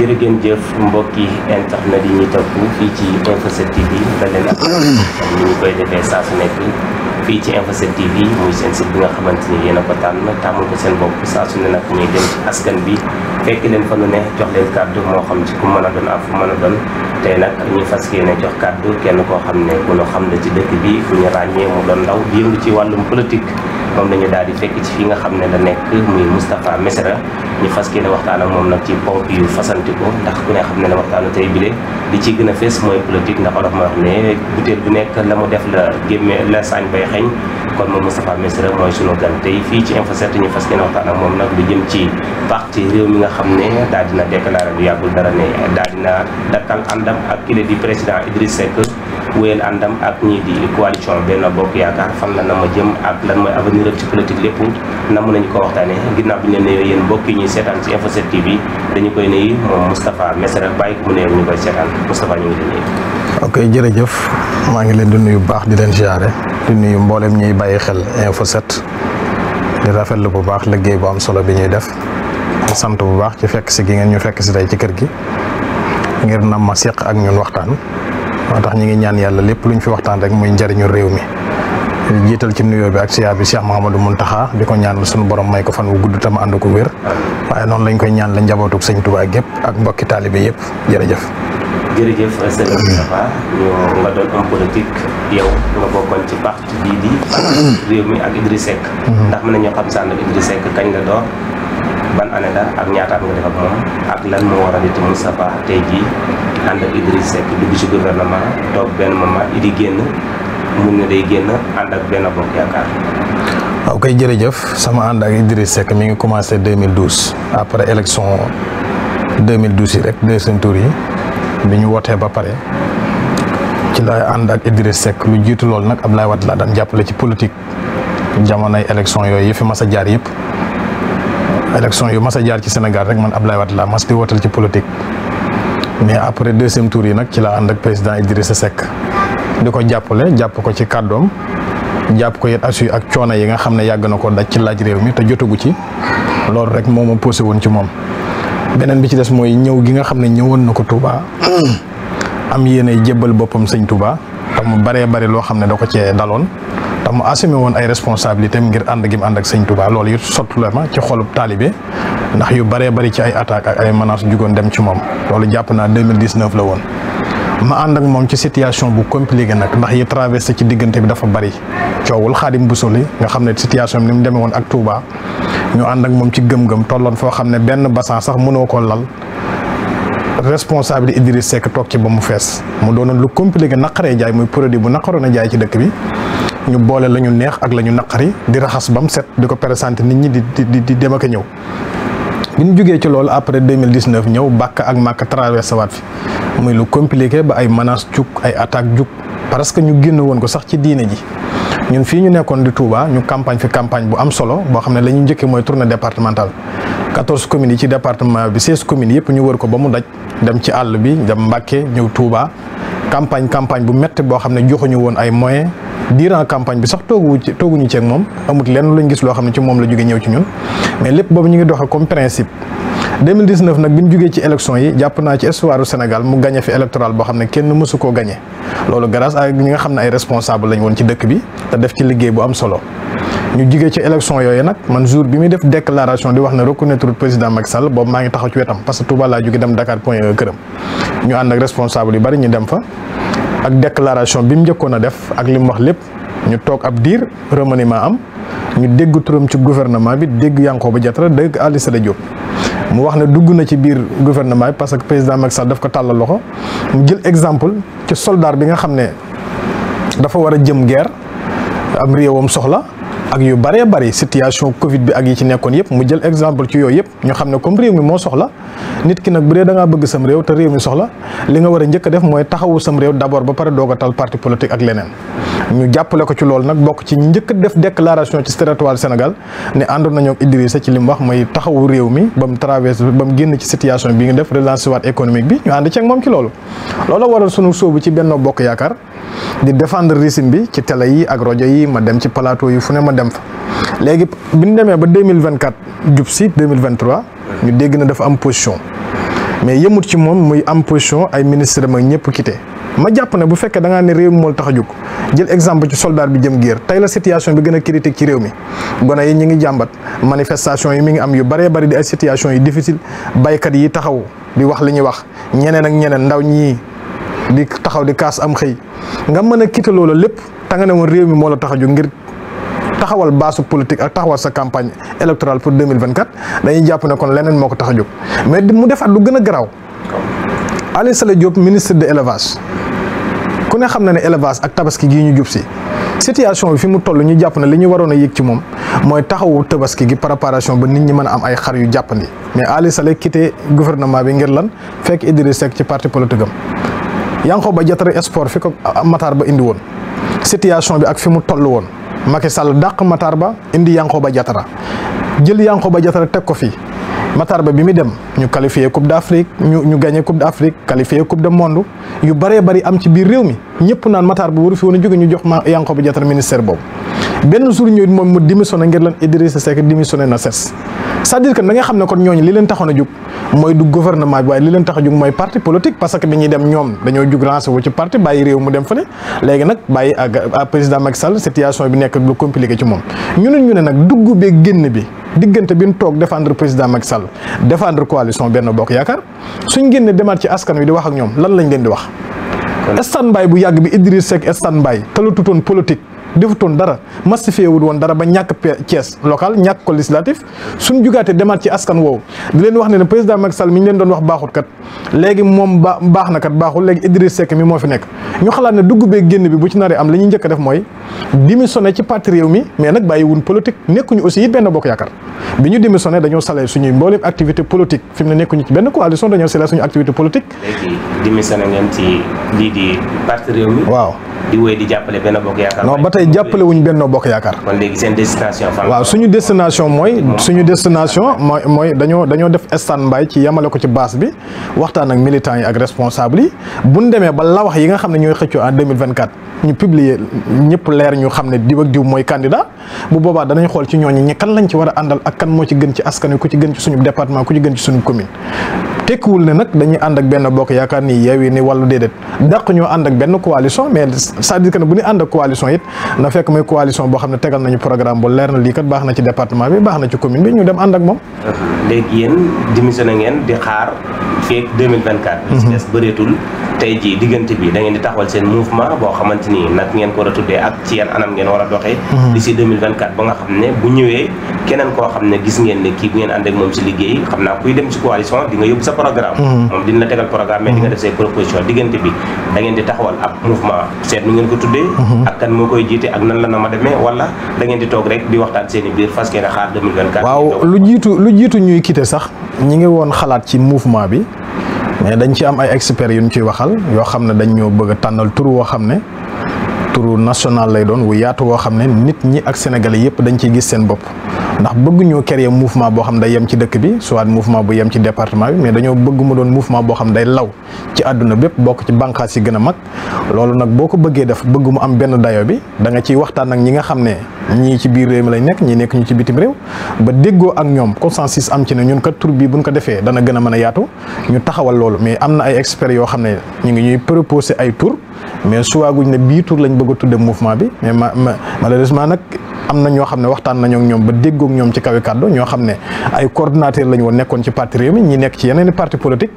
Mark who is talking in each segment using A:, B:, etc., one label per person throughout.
A: jërë ngeen jëf mbokki internet yi ñu topp fii ci Info 7 TV ba leen ak ni ñu koy defee saa su nekk fii ci Info 7 TV muy seen site bi nga xamante ni yéen ko tànn tàmmal ko seen bopp saa su ne nag ñuy dem ci askan bi fekk leen fa lu ne jox leen kàddu moo xam ci ku mën a doon ak fu mën a doon tey nag ñu fas yéene jox kàddu kenn koo xam ne ku ñu xam ne ci dëkk bi ku ñu ràññee mu doon ndaw yëngu ci wàllum politique moom la daal di fekk ci fi nga xam ne la nekk muy Moustapha Mesra ñu fas yéene waxtaan ak moom nag ci ponk yu fasanti ko ndax ne xam ne ne waxtaanu tey bile li gën a fees mooy politique ndax olof ma wax ne bu nekk la mu def la gémme la saañ bay xeeñ kon moom Moustapha Mesra mooy sunu gan tey fii ci Info 7 ñu fas yéene waxtaan ak moom nag lu jëm ci parti réew mi nga xam ne daal dina déclaré bu yàggul dara ne daal dina dakkal àndam ak kile di président Idriss Seck wéyal àndam ak ñii di coalition Benno Bokk Yaakaar fan la na ma jëm ak lan mooy avenir ak ci politique lépp nam nañu ko waxtaane ginnaaw bi ñu leen nuyoo yéen mbokk yi ñuy seetaan ci Info 7 TV dañu koy nuyu moom Moustapha Messere bàyyi ko mu nuyoo ñu koy seetaan Moustapha ñu ngi leen nuyu.
B: ok jërëjëf maa ngi leen di nuyu bu baax di leen ziare di nuyu mbooleem ñuy bàyyi xel Info 7 di rafetlu bu baax liggéey bu am solo bi ñuy def sant bu baax ci fekk si gi ngeen ñu fekk si tey ci kër gi ngir nam seq ak ñun waxtaan. moo tax ñu ngi ñaan yàlla lépp luñ fi waxtaan rek muy njariñu réew mi ci nuyoo bi ak siyaar bi Cheikh Mouhamadou Mountakha di ko ñaanal sunu borom may ko fan wu gudd tam ànd ko wér waaye noonu lañ koy ñaan la njabootug sëñ Touba gépp ak mbokki taalibe yëpp jërëjëf.
A: jërëjëf sëñ Moustapha ñu nga doon ci parti bii di réew mi ak Idriss Seck. Mm-hmm. ndax mën nañoo xam kañ la door. ban année ak ñaataat nga def ak moom ak lan moo war a nit Moustapha tey jii ànd ak Idriss Seck dugg ci gouvernement toog benn moment Idi génn mun na day génn ànd ak benn bokk yaakaar.
B: waaw kay jërëjëf sama ànd ak Idriss Seck mi ngi commencé 2012 après élection 2012 yi rek deuxième tour yi bi ñu wootee ba pare ci la ànd ak Idriss Seck lu jiitu loolu nag Abdoulaye Wade laa daan jàppale ci politique jamonoy élection yooyu yi fi mas a jaar yëpp. élection yu mas a jaar ci Sénégal rek man Abdoulaye Wade laa mas di ci politique mais après deuxième tour yi nag ci laa ànd ak président Idrissa Seck di ko jàppale jàpp ko ci kàddoom jàpp ko yet assu ak coono yi nga xam ne yàgg na ko daj ci laaj réew mi te jotagu ci loolu rek moo ma posé woon ci moom beneen bi ci des mooy ñëw gi nga xam ne ñëwoon na ko Touba am yéene jébbal boppam sëñ Touba te mu baree bari loo xam ne da ko cee daloon te mu assumé woon ay responsabilités ngir ànd gi mu ànd ak sëñ Touba loolu it sotti la ma ci xolub taalibe ndax yu bëree bëri ci ay attaques ak ay menaces jugoon dem ci moom loolu jàpp naa 2019 la woon. ma ànd ak moom ci situation bu compliqué nag ndax yi traversé ci diggante bi dafa bëri coowul Xaadim Busoli nga xam ne situation bi ni mu demee woon ak Touba ñu ànd ak moom ci gëm-gëm tolloon foo xam ne benn bassin sax mënoo ko lal. responsable Idriss Seck toog ci ba mu fees mu doonoon lu compliqué naqaree jaay muy produit bu naqaroon a jaay ci dëkk bi ñu boole la ñu neex ak la ñu naqari di raxas bam set di ko présenté nit ñi di di di dem ak a ñëw. bi ñu jógee ci loolu après 2019 ñëw bàkk ak màkk traversé waat fi muy lu compliqué ba ay menaces jug ay attaques jug parce que ñu génn woon ko sax ci diine ji. ñun fii ñu nekkoon di Touba ñu campagne fi campagne bu am solo boo xam ne lañu ñu njëkkee mooy tournée départementale 14 commune yi ci département bi 16 communes yëpp ñu wër ko ba mu daj dem ci àll bi dem Mbàkke ñëw Touba campagne campagne bu métti boo xam ne joxuñu woon ay moyens. durant campagne bi sax toogu ci tooguñu ceeg moom amut lenn luñ gis loo xam ne ci moom la jóge ñëw ci ñun mais lépp boobu ñu ngi doxee comme principe 2019 nag bi ñu jógee ci élection yi jàpp naa ci histoire Sénégal mu gagné fi électoral boo xam ne kenn mësu koo gagné loolu grâce à ñi nga xam ne ay responsable lañ woon ci dëkk bi te def ci liggéey bu am solo ñu jigee ci élection yooyu nag man jour bi muy def déclaration di wax ne reconnaître président Macky dem Dakar euh, ak déclaration bi mu njëkkoon a def ak li mu wax lépp ñu toog ab diir remaniement am ñu dégg turam ci gouvernement bi dégg Yankhoba Diattara dégg Aly Sele Diop mu wax ne dugg na ci biir gouvernement bi parce que président Macky Sall daf ko tàllal loxo mu jël exemple ci soldat bi nga xam ne dafa war a jëm guerre am réewam soxla ak yu bëree bëri situation Covid bi ak yi ci nekkoon yëpp mu jël exemple ci yooyu yëpp ñu xam ne comme réew mi moo soxla nit ki nag bu dee da bëgg sam réew te réew mi soxla li nga war a njëkk def mooy taxawu sam réew d'abord ba pare doog tal parti politique ak leneen. ñu jàppale ko ci loolu nag bokk ci njëkk def déclaration ci territoire Sénégal ne àndoon nañoo ak Idrissa ci li mu wax mooy taxawu réew mi ba mu traversé ba mu génn ci situation bi nga def relance waat économique bi ñu ànd ceeg moom ci loolu. loolu waral sunu sóobu ci Benno Bokk Yaakaar di défendre régime bi ci télé yi ak rajo yi ma dem ci plateau yi fu ne ma dem fa léegi bi ñu demee ba 2024 jub si 2023 ñu dégg na dafa am position mais yëmut ci moom muy am position ay ministre ma ñëpp quitté. ma jàpp ne bu fekkee da ne réew mi moo tax a jóg jël exemple ci soldat bi jëm guerre tey la situation bi gën a critique ci réew mi gone yi ñu ngi jàmbat manifestation yi mi ngi am yu bëree bëri di ay situation yu difficile baykat yi taxaw di wax li ñuy wax ñeneen ak ñeneen ndaw ñii di taxaw di kaas am xëy nga mën a quitter loolu lépp ta nga ne woon réew mi moo la tax a ngir taxawal base politique ak taxawal sa campagne électorale pour 2024 dañuy jàpp ne kon leneen moo ko tax a jóg mais mu defaat lu gën a garaaw Aly ministre de l'élevage ku ne xam na ne élevage ak tabaski gii ñu jub si situation bi fi mu toll ñu jàpp na li ñu waroon a yëg ci moom mooy taxawu tabaski gi préparation ba nit ñi mën a am ay xar yu jàppandi mais Ali Sall quitté bi ngir lan fekk Idriss Seck ci parti politique am Yankhoba Diattara sport fi ko Matar Ba indi woon situation bi ak fi mu toll woon Macky Sall dàq Matar Ba indi Yankhoba jatara jël Yankhoba Diattara teg ko fii Matar Ba bi mu dem ñu qualifié coupe d' Afrique ñu ñu gagné coupe d' Afrique qualifié coupe de monde yu bëree bëri am ci biir réew mi ñëpp naan Matar Ba waru fi woon a jóge ñu jox ma Yankhoba Diattara ministère boobu. benn suur ñëwit moom mu démissionné ngir lan Idrissa Seck démissionné na ses cest dire que da nga xam ne ko ñooñu li leen taxoon a jóg mooy du gouvernement bi waaye li leen tax a jóg mooy parti politique parce que bi ñuy dem ñoom dañoo jug lancé wu ci parti bàyyi réew mu dem fële léegi nag bàyyi ak président Macky Sall situation bi nekk lu compliqué ci moom ñu ne ñu ne nag dugg bee génn bi diggante bi ñu toog defendre président Macky Sall défendre coalition Benno Bokk Yaakaar suñ génne demaat ci askan wi di wax ak ñoom lan lañ leen di wax stand bu yàgg bi Idriss Seck stand by te lu tutoon defutoon dara massifiewul woon dara ba ñàkk Thiès local ñàkk ko législatif suñ jugaatee demaat ci askan woowu di leen wax ne ne président Macky Sall mi ñu leen doon wax baaxut kat léegi moom ba baax na kat baaxul léegi Idriss Seck mi moo fi nekk ñu xalaat ne dugg bee génn bi bu ci naree am li ñuy njëkk def mooy démissionné ci parti réew mi mais nag bàyyiwun politique nekkuñu aussi it benn bokk yaakaar bi ñu démissionné dañoo salé suñuy mbooleem activité politique fi ne nekkuñu ci benn coalition dañoo salé suñu activité politique.
A: waaw di jàppale benn bokk
B: yaakaar. ba tey jàppale wuñ benn bokk yaakaar. kon léegi seen destination. waaw suñu destination mooy. suñu destination mooy mooy dañoo dañoo def stand by ci yemale ko ci base bi waxtaan ak militants yi ak responsables yi bu ñu demee ba la yi nga xam ne ñooy xëccoo en 2024 ñu publier ñëpp leer ñu xam ne diw ak diw mooy candidat bu boobaa danañ xool ci ñooñu ñi kan lañ ci war a àndal ak kan moo ci gën ci askan wi ku ci gën ci suñu département ku ci gën ci suñu commune tekkiwul ne nag dañuy ànd ak benn bokk yaakaar ni yeewi ni wàllu déedéet dàq ñoo ànd ak benn coalition mais cest dire que ne bu ñu ànd ak coalition it na fekk mooy coalition boo xam ne tegal nañu programme bu leer na lii kat baax na ci département bi baax na ci commune bi mhm.
A: boo xamante ni nag ko war ci yan anam ngeen war a doxee mhm. d'ici 2024 ba nga xam ne bu ñëwee keneen koo xam ne gis ngeen ne kii bu ngeen ànd ak moom si liggéey xam naa kuy dem ci coalition di nga yóbbu sa programme mhm. moom dina tegal programme mais di nga mhm. toog rek di waxtaan seen biir fas yéene xaar 2024
B: waaw lu jiitu lu jiitu ñuy quitté sax ñi ngi woon xalaat ci mouvement bi mais dañ ci am ay experts yu ñu ciy waxal yoo xam ne dañ ñoo bëgg a tànnal tur turu national lay doon wu yaatu woo xam ne nit ñi ak sénégalais yëpp dañ ciy gis seen bopp ndax bëgg ñoo créer mouvement boo xam ne day yem ci dëkk bi soit mouvement bu yem ci département bi mais dañoo bëgg mu doon mouvement boo xam law ci àdduna bépp bokk ci bànqaas yi gën a mag loolu nag boo ko bëggee def bëgg mu am benn dayo bi da ciy waxtaan ak ñi nga xam ne ñii ci biir réew mi lay nekk ñi nekk ñu ci bitim réew ba déggoo ak ñoom consensus am ci ne ñun kat tur bu buñ ko defee dana gën a mën a yaatu ñu taxawal loolu mais am na ay experts yoo xam ne ñu ngi ñuy proposer ay tur mais suwaaguñ ne bii tur lañ bëgg a tudde mouvement bi mais ma malheureusement nag am na ñoo xam ne waxtaan nañoo ak ñoom ba déggoog ñoom ci kawi kàddu ñoo xam ne ay coordonnateur lañ woon nekkoon ci parti réew mi nekk ci yeneen parti politique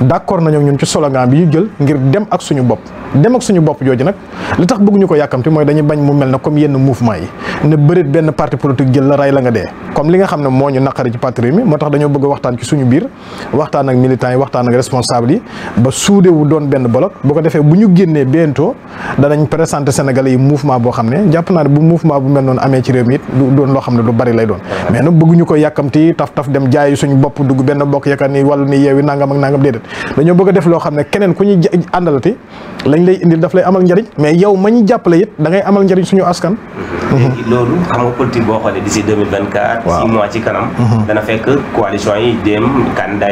B: d'accord nañoo ak ñun ci slogan ñu jël ngir dem ak suñu bopp dem ak suñu bopp jooju nag li tax bëgguñu ko yàkkamti mooy dañuy bañ mu mel na comme yenn mouvement yi ne bërit benn parti politique jël la ray la nga dee comme li nga xam ne moo ñu naqari ci parti réew mi moo tax dañoo bëgg waxtaan ci suñu ak militants yi waxtaan ak responsable yi ba suudewu doon benn bloc bu defee bu ñu génnee bientôt danañ présenter Sénégalais yi mouvement boo xam ne jàpp naa ne bu mouvement bu mel noonu amee ci réew mi it du doon loo xam ne lu bari lay doon mais nag bëgguñu ko yàkkamti taf taf dem jaayi suñu bopp dugg benn bokk yaakaar ni wàllu ni yeewi nangam ak nangam déedéet dañoo bëgg a def loo xam ne keneen ku ñuy àndalati lañ lay indil daf lay amal njariñ mais yow ma ñu jàppale it da amal njariñ suñu askan
A: mm-hmm. Mm-hmm. loolu xam nga politique boo xoolee d'ici 2024 mm-hmm. dem candidat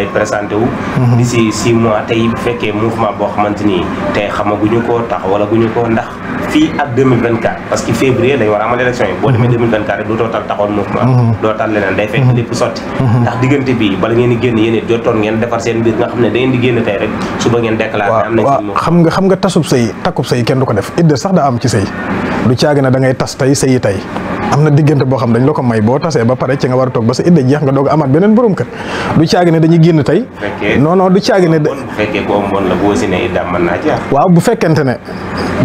A: tax wala bu ñu ko ndax fii ak 2024 parce que février lañ war a amal élection yi boo demee 2024 rek dootoo tal taxoon mouvement mhm. doo tal leneen day fekk mhm. lépp sotti mhm. ndax diggante bi bala ngeen di génn yéen it jotoon ngeen defar seen mbir nga xam ne da di génn tey rek suba ngeen déclaré am nañ ci
B: xam nga xam nga tasub sëy takkub sëy kenn du ko def idda sax daa am ci sëy du caagi na da tas tey sëyi tey am na diggante boo xam dañ la ko may boo tasee ba pare ci nga war a toog ba sa idda jeex nga doog amaat beneen borom kër du caagi ne dañuy génn tey. non non du caagi ne. si ne idda waaw bu fekkente ne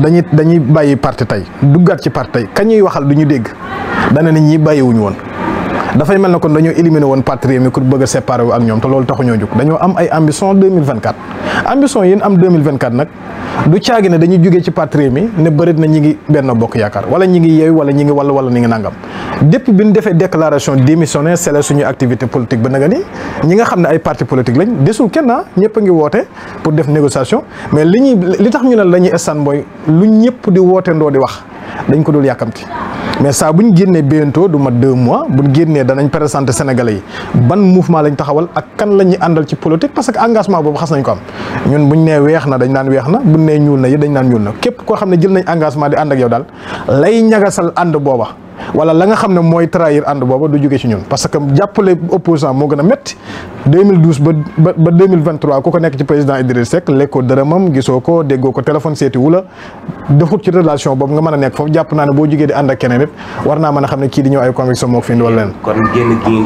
B: dañuy dañuy bàyyi parti tey duggaat ci parti tey kañuy waxal du ñu dégg dana ne ñii bàyyiwuñu woon. dafay mel na kon dañoo éliminer woon patrie mi ku bëgg a séparer ak ñoom te loolu taxuñoo jóg dañoo am ay ambition 2024 ambition yéen am nag. du caagi ne dañuy jógee ci parti Rewmi ne bërit na ñi ngi benn Bokk Yaakaar wala ñi ngi yeewu wala ñi ngi wàll wala ñi ngi nangam depuis bi ñu defee déclaration démissionnaire c'est la suñu activité politique ba naga ni ñi nga xam ne ay parti politique lañ desul kenn ah ñëpp a ngi woote pour def négociation mais li ñuy li tax ñu ne la ñuy instant mooy lu ñëpp di woote ndoo di wax dañ ko dul yàkkamti mais saa bu ñu génnee bientôt du ma deux mois bu ñu génnee danañ présenter Sénégalais yi ban mouvement lañ taxawal ak kan la ñuy àndal ci politique parce que engagement boobu xas nañ ko am ñun bu ñu nee weex na dañ naan weex na bu ñu nee ñuul na yi dañ naan ñuul na képp koo xam ne jël nañ engagement di ànd ak yow daal lay ñagasal ànd booba wala la nga xam ne mooy trahir ànd booba du jóge ci ñun parce que jàppale opposant moo gën a métti 2012 ba ba ba ku ko nekk ci président Idriss Seck lekkoo dërëmam gisoo ko déggoo ko téléphone seeti wu defut ci relation boobu nga mën a nekk foofu jàpp naa ne boo jógee di ànd ak keneen it war naa mën a xam ne kii di ñëw ay conviction moo fi indi leen.
A: kon génn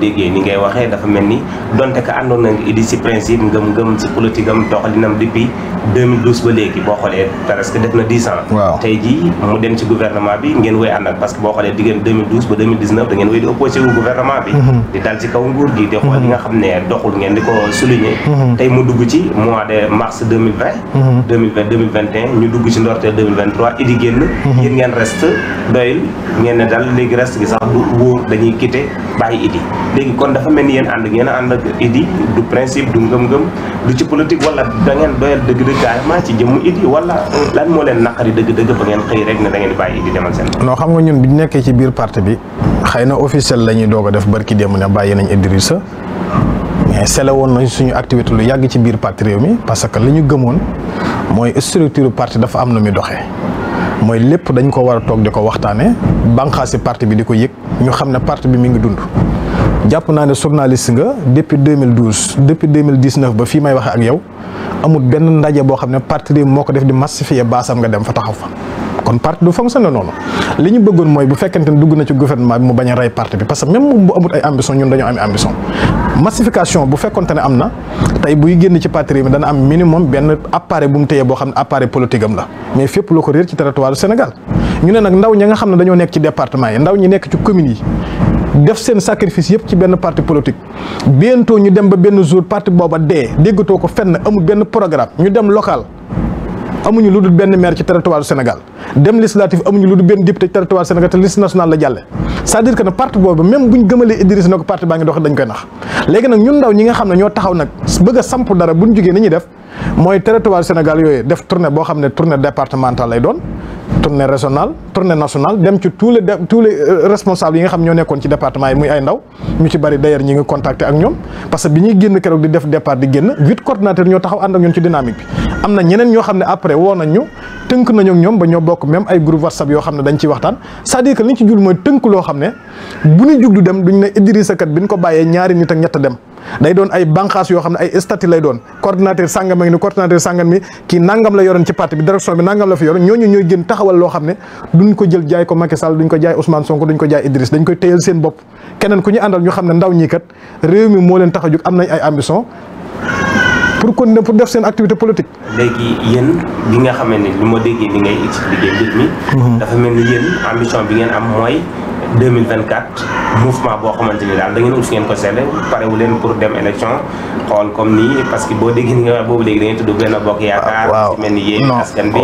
A: gi ngay waxee dafa mel ni donte ka àndoon na Idi ci principe ngëm-ngëm ci politique am doxalinam depuis 2012 ba na 10 ans. waaw tey koy àndal parce que boo xoolee diggante ba 2019 wéy di opposé wu gouvernement bi mhm. di dal ci kaw nguur gi di nga xam ne doxul ngeen di ko souligner mhm. tey mu dugg ci mois de mars mhm. ñu dugg ci ndorteel 2023 idi génn yéen ngeen reste doyul ngeen ne dal léegi reste gi sax du wóor dañuy quitté bàyyi idi léegi kon dafa mel ni yéen ànd ngeen ànd ak idi du principe du ngëm-ngëm du ci politique wala da doyal dëgg-dëgg carrément ci jëmm idi wala lan moo leen naqari dëgg-dëgg ba
B: non xam nga ñun bi ñu nekkee ci biir parti bi xëy na officiel la ñuy doog a def barki démb ne bàyyi nañ Idrissa mais sele woon nañ suñu activité lu yàgg ci biir parti réew mi parce que li ñu gëmoon mooy structure parti dafa am na muy doxee mooy lépp dañ ko war a toog di ko waxtaanee bànqaasi parti bi di ko yëg ñu xam ne parti bi mu ngi dund. jàpp naa ne journaliste nga depuis 2012 depuis 2019 ba fi may waxe ak yow amul benn ndaje boo xam ne parti réew moo ko def di massifier baasam nga dem fa taxaw fa. kon parti du fonctionné noonu li ñu bëggoon mooy bu fekkente ne dugg na ci gouvernement bi mu bañ a rey parti bi parce que même moom bu amul ay ambition ñun dañoo am ambition massification bu fekkonte ne am na tey buy génn ci parti bi dana am minimum benn appareil bu mu téyee boo xam ne appareil politique am la mais fépp la ko réer ci territoire du Sénégal ñu ne nag ndaw ñi nga xam ne dañoo nekk ci département yi ndaw ñi nekk ci communes yi def seen sacrifice yëpp ci benn parti politique bientôt ñu dem ba benn jour parti booba dee déggatoo ko fenn amul benn programme ñu dem local amuñu lu dul benn maire ci territoire du Sénégal dem législatif amuñu lu dul benn député ci territoire Sénégal te liste nationale la jàlle c'est-à-dire que ne parti boobu même buñ gëmalee Idriss na ko parti baa ngi dox dañ koy nax léegi nag ñun ndaw ñi nga xam ne ñoo taxaw nag bëgg a samp dara buñ jógee ni ñuy def mooy territoire Sénégal yooyu def tournée boo xam ne tournée départementale lay doon tournée régionale tournée nationale dem ci tous les tous les euh, responsables yi nga xam ñoo nekkoon ci département yi muy ay ndaw ñu ci bari d'ailleurs ñi ngi contacté ak ñoom parce que bi ñuy génn keroog di def départ di génn huit coordinateurs ñoo taxaw ànd ak ñoom ci dynamique bi. am na ñeneen ñoo xam ne après woo nañ ñu tënk nañu ñoom ba ñoo bokk même ay groupe whatsapp yoo xam ne dañ ciy waxtaan c'est-à-dire que li ñu ci jul mooy tënk loo xam ne bu ñu jug du dem duñ ko bàyyee ñaari nit ak ñett dem. day doon ay banqaas yoo xam ne ay statut lay doon coordinateur sàngam ak ni coordinateur sàngam mi kii nangam la yoroon ci parti bi direction bi nangam la fi yoroon ñooñu ñooy gën taxawal loo xam ne duñ ko jël jaay ko Macky Sall duñ ko jaay Ousmane Sonko duñ ko jaay Idriss dañ koy téyal seen bopp keneen ku ñu àndal ñu xam ne ndaw ñi kat réew mi moo leen tax a jóg am nañ ay ambition pour kon pour def seen activité politique.
A: léegi yéen bi nga xam ne li ma déggee li ngay expliqué mbir mi. Mhm. dafa bi ngeen am mooy. 2024 mouvement boo xamante ni daal da ngeen a ut ngeen ko seetlee parewu leen pour dem élection xool comme nii parce que boo déggee ni nga wax boobu léegi da ngeen tudd benn bokk yaakaar. Ah, waaw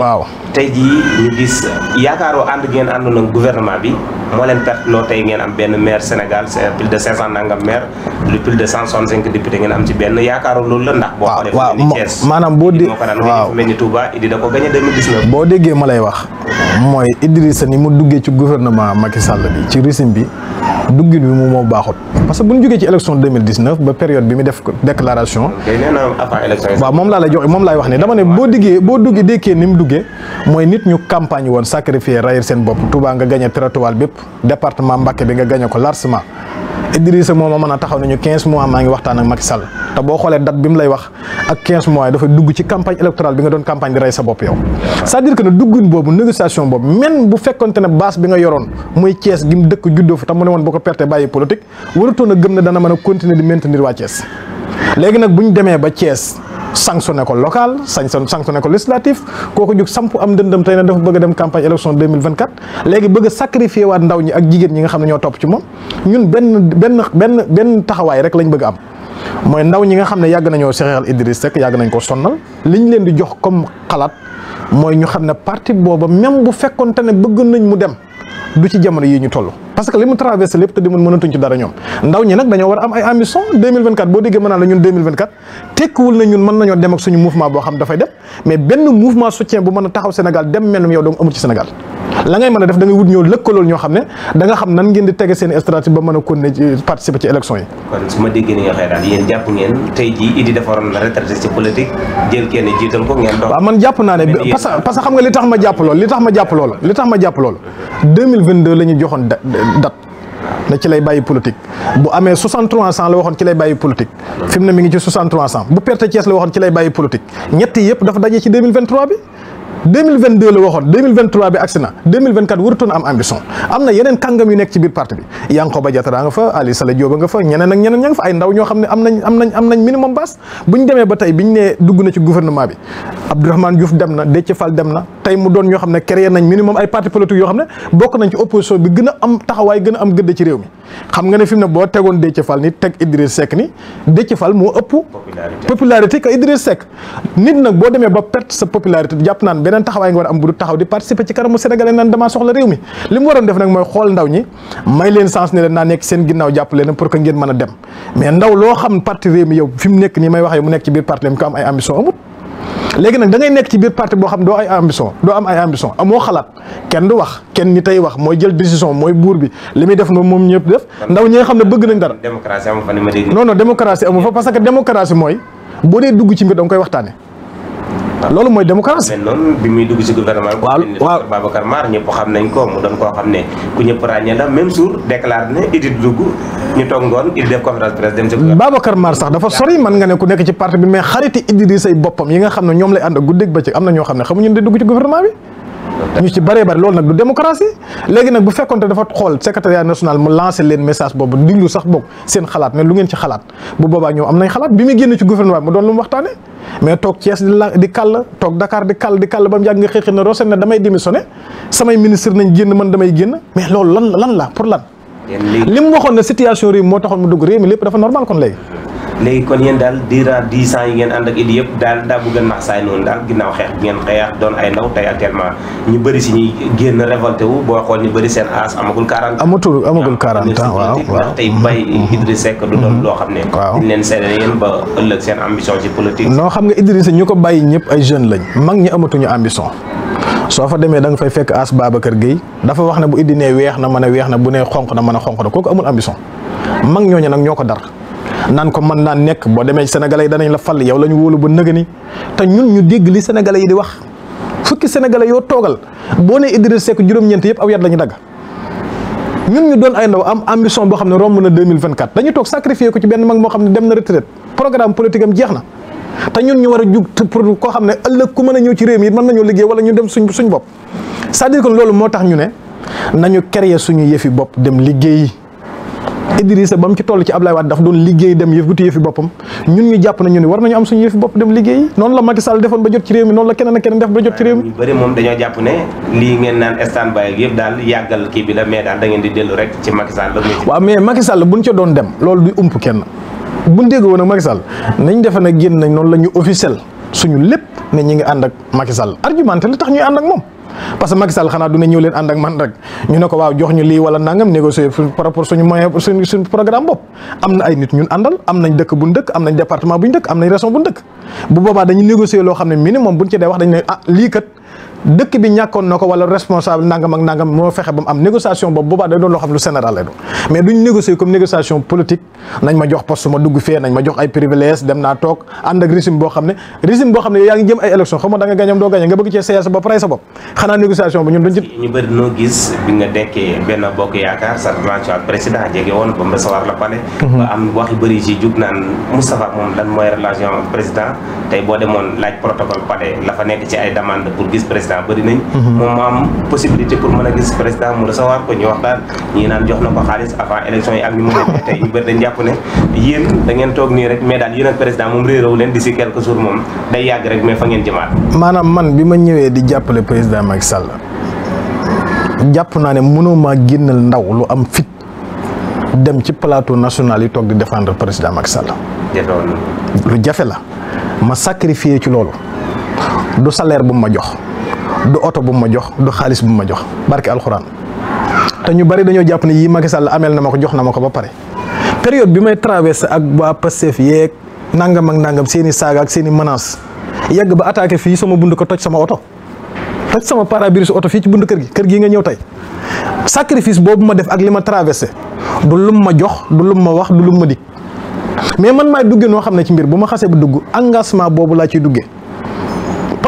A: waaw tey jii ñu gis yaakaaroo ànd ngeen àndoon ak gouvernement bi moo leen perte loo ngeen am benn maire Sénégal c'est de 500 nangam maire lu de 165 député ngeen am ci benn yaakaaroo loolu la ndax. boo ah, xoolee fu mel ni maanaam boo dé.
B: boo déggee ma lay wax. mooy sa ni mu duggee ci gouvernement Macky Sall bi ci régime bi duggin bi moom moo baaxut parce que bu ñu jógee ci élection 2019 ba période bi mu def déclaration. waaw moom laa lay joxe moom laay wax ne dama ne boo diggee boo duggee dékkee ni mu duggee mooy nit ñu campagne woon sacrifier rayir seen bopp Touba nga gagné territoire bépp département Mbacké bi nga gagné ko largement Idrissa moom a mën a taxaw nañu 15 a maa ngi waxtaan ak Macky Sall. te boo xoolee date bi mu lay wax ak 15 mois dafa dugg ci campagne électorale bi nga doon campagne di rey sa bopp yow. c'est-à-dire ne duggun boobu négociation boobu même bu fekkonte ne base bi nga yoroon muy Thiès gi mu dëkk juddoo fa te mu ne woon boo ko perte bàyyi politique waratoon gëm ne dana mën a continuer di maintenir waa Thiès. léegi nag bu ñu demee ba Thiès sanctionné ko local sanctionné ko législatif kooku jóg samp am ndëndëm tey na dafa bëgg a dem campagne élection 2024 léegi bëgg a sacrifier waat ndaw ñi ak jigéen ñi nga xam ne ñoo topp ci moom ñun benn benn benn taxawaay rek lañ bëgg am mooy ndaw ñi nga xam ne yàgg nañoo Cheikh Idriss Seck yàgg nañ ko sonnal ñu leen di jox comme xalaat mooy ñu xam ne parti booba même bu fekkonte ne bëgg nañ mu dem du ci jamono yi ñu toll. parce que li mu traversé lépp te di mun mënatuñ ci dara ñoom ndaw ñi dañoo war a am ay ambition 2024 boo déggee mën naa la ñun tekkiwul na ñun mën nañoo dem suñu mouvement boo xam dafay dem mais benn mouvement soutien bu mën a taxaw Sénégal dem mel ni yow dong amul ci Sénégal la ngay mën a def da wut ñoo lëkkalool ñoo xam ne da xam nan ngeen di tege seen stratégie ba mën a continuer ci participer ci élection yi.
A: kon
B: man jàpp naa ne parce que xam nga li tax ma jàpp lool li tax ma jàpp date ne ci lay bàyyi politique bu amee 63 la waxoon ci lay bàyyi politique fi mu ne mi ngi ci 63 bu perte Thiès la waxoon ci lay bàyyi politique ñett yëpp dafa daje ci 2023 bi. 2022 la waxoon 2023 bi agsi na 2024 waratoon am ambition am na yeneen kàngam yu nekk ci biir parti bi Yankoba Diatara nga fa Ali Sala Diop nga fa ñeneen ak ñeneen ña fa ay ndaw ñoo xam ne am nañ am nañ minimum base bu ñu demee ba tey bi ñu nee dugg na ci gouvernement bi Abdourahmane Diouf dem na Déthié Fall dem na tey mu doon ñoo xam ne créé nañ minimum ay parti politique yoo xam ne bokk nañ ci opposition bi gën a am taxawaay gën a am gëdd ci réew mi xam nga ne fi mu boo tegoon Déthié Fall ni teg Idriss Seck ni Déthié Fall moo ëpp. popularité que Idriss Seck. nit nag boo demee ba perte sa popularité jàpp naan beneen taxawaay nga war am bu taxaw di participer ci kanamu Sénégalais naan damaa soxla réew mi li mu waroon def nag mooy xool ndaw ñi may leen sens ne leen naa nekk seen ginnaaw jàpp leen pour que ngeen mën a dem mais ndaw loo xam parti réew mi yow fi mu nekk nii may wax yow mu nekk ci biir parti ko léegi nag dangay nekk ci biir parti boo xam doo ay ambition doo am ay ambition amoo xalaat kenn du wax kenn ni tey wax mooy jël décision mooy buur bi li muy def moom ñëpp def ndaw ñi nga xam ne bëgg nañ dara.
A: démocratie amu fa ni ma dégg.
B: non amu fa parce que démocratie mooy boo dee dugg ci mbir da nga koy waxtaane
A: loolu mooy démocratie. mais noonu bi muy dugg ci gouvernement bi. waaw waaw Babacar Mar ñëpp xam nañ ko mu doon koo xam ne ku ñëpp ràññee la même jour déclaré ne Idy dugg ñu toog ngoon Idy def conférence presse dem ci.
B: Babacar Mar sax dafa sori man nga ne ku nekk ci parti bi mais xariti Idrissa Seck boppam yi nga xam ne ñoom lay ànd guddeeg bëccëg am na ñoo xam ne xamuñu ne dugg ci gouvernement bi ñu ci bëree bëri loolu nag du démocratie léegi nag bu fekkonte dafa xool secrétariat national mu lancé leen message boobu diglu sax boog seen xalaat ne lu ngeen ci xalaat bu boobaa ñoom am nañ xalaat bi muy génn ci gouvernement mu doon lu mu waxtaane mais toog Thiès di kal di kàll toog Dakar di kàll di kàll ba mu yàgg nga xëy xëy na rosen na damay démissionné samay ministre nañ génn man damay génn mais loolu lan lan la pour lan li mu waxoon ne situation réew moo taxoon mu lépp dafa normal kon
A: léegi kon yéen daal durant dix ans yi ngeen ànd ak Idy yëpp daal daa bëgg a nax saay noonu daal ginnaaw xeex bi ngeen xeex doon ay ndaw tey actuellement ñu si ñuy génn révolté wu boo xool ñu bëri seen as amagul 40
B: amatul amagul 40 ans waaw waaw
A: tey bay mm-hmm. Idrissa Seck du doon mm-hmm. loo xam ne waaw dañ leen seede yéen ba ëllëg seen ambition ci politique non
B: xam nga Idrissa ñu ko bàyyi ñëpp ay jeune lañ mag ñi amatuñu ambition soo fa demee da nga fay fekk as kër Gueye dafa wax ne bu Idy ne weex na mën a weex na bu ne xonq na mën a xonq na kooku amul ambition mag ñooñu nag ñoo ko dar naan ko mën naa nekk boo demee sénégalais yi danañ la fal yow la ñu wóolu ba nëgëni te ñun ñu dégg li sénégalais yi di wax fukki sénégalais yoo toogal boo nee Idriss Seck juróom-ñeent yëpp aw yat la ñu dagg ñun ñu doon ay ndaw am ambition boo xam ne romb na 2024 dañu toog sacrifier ko ci benn mag moo xam ne dem na retraite programme politique am jeex na te ñun ñu war a jug pour koo xam ne ëllëg ku mën a ñëw ci réew mi mën nañoo liggéey wala ñu dem suñ suñ bopp cest à loolu moo tax ñu ne nañu créer suñu yëfi bopp dem liggéeyi Idrissa ba mu ci toll ci Ablaye Wade daf doon liggéey dem yëf guti yëfi boppam ñun ñu jàpp na ñu ne war nañu am suñu yëfi bopp dem liggéey noonu la Macky Sall defoon ba jot ci réew mi noonu la keneen ak keneen def ba jot ci réew mi
A: bëri moom dañoo jàpp lii ngeen naan stand yëpp daal yàggal kii mais daal da di dellu rek ci Macky Sall
B: waaw mais Macky Sall buñ doon dem loolu du ump kenn buñ dégg woon ak Macky Sall nañ defe na génn nañ noonu la ñu officiel suñu lépp ne ñi ngi ànd ak Macky Sall argumenté li tax ñuy ànd ak moom parce que Macky Sall xanaa du ne ñëw leen ànd ak man rek ñu ne ko waaw jox ñu lii wala nangam négocier par rapport suñu moyen suñu suñu programme bopp am na ay nit ñun àndal am nañ dëkk bu dëkk am nañ département buñ dëkk am nañ région buñ dëkk bu boobaa dañuy négocier loo xam ne minimum buñ ci dee wax dañ ne ah lii kat dëkk bi ñàkkoon na ko wala responsable nangam ak nangam moo fexe ba mu am négociation boobu boobaa day doon loo xam lu général lay doon mais duñ négocier comme négociation politique nañ ma jox poste ma dugg fee nañ ma jox ay privilèges dem naa toog ànd ak régime boo xam ne régime boo xam ne yaa ngi jëm ay élection xam nga da nga gañam doo gañe nga bëgg cee seeyal sa bopp rey sa bopp xanaa négociation bi ñun duñ ci.
A: ñu bëri noo gis bi nga dekkee benn bokk yaakaar sa relation ak président jege woon ba mu recevoir la palais. Mhm. ba am wax yu bëri ci jug naan Moustapha moom lan mooy relation ak président tey boo demoon laaj protocole palais la fa nekk ci ay demande pour gis président président bëri nañ moom mu am possibilité pour mën a gis président mu recevoir ko ñu waxtaan ñii naan jox na ko xaalis avant élection yi ak ni mu ne tey ñu bëri dañ jàpp ne yéen da ngeen toog nii rek mais daal yéen ak président moom réeréw leen d'ici quelques jours moom day yàgg rek mais fa ngeen jëmaat
B: maanaam man bi ma ñëwee di jàppale président Macky Sall jàpp naa ne mënoo maa génnal ndaw lu am fit dem ci plateau national yi toog di défendre président Macky Sall lu jafe la ma sacrifié ci loolu du salaire bu ma jox du oto bu ma jox du xaalis bu ma jox barke alxuraan te ñu bari dañoo jàpp ne yii Macky Sall ameel na ma ko jox na ma ko ba pare période bi may traversé ak waa Pastef yeeg nangam ak nangam seen i saaga ak seeni i yegg ba attaqué fii sama bund ko toj sama oto toj sama pare-brise oto fii ci bund kër gi kër gii nga ñëw tey sacrifice boobu ma def ak li ma traversé du lum ma jox du lum ma wax du lum ma dikk mais man maay dugge noo xam ne ci mbir bu ma xasee bu dugg engagement boobu laa ciy duggee.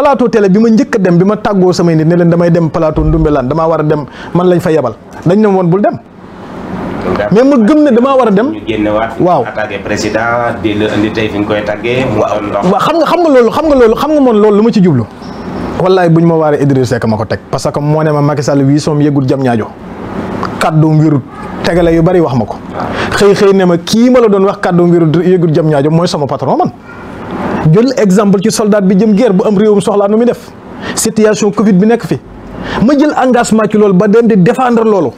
B: plateau télé bi ma njëkk dem bi ma tàggoo sama nit ne leen damay dem palaatoo Ndoumbelane damaa war a dem man lañ fa yebal dañ ne woon bul dem. mais ma gëm ne damaa war a dem. ñu
A: génnewaat. waaw attaqué président di la koy tàggee. xam
B: nga xam nga loolu xam nga loolu xam nga moom loolu lu ma ci jublu. wallaay ñu ma waaree Idrissa Seck ma ko teg parce que moo ne ma Macky Sall wii soom yëgul jam ñaajo kàddoom wérut tegale yu bari wax ma ko. xëy xëy ne ma kii ma la doon wax kàddoom wérut yëgul jam ñaajo mooy sama patron man. jël exemple ci soldat bi jëm guerre bu am réewum soxlaa nu muy def situation Covid bi nekk fi ma jël engagement ci loolu ba dem di défendre loolu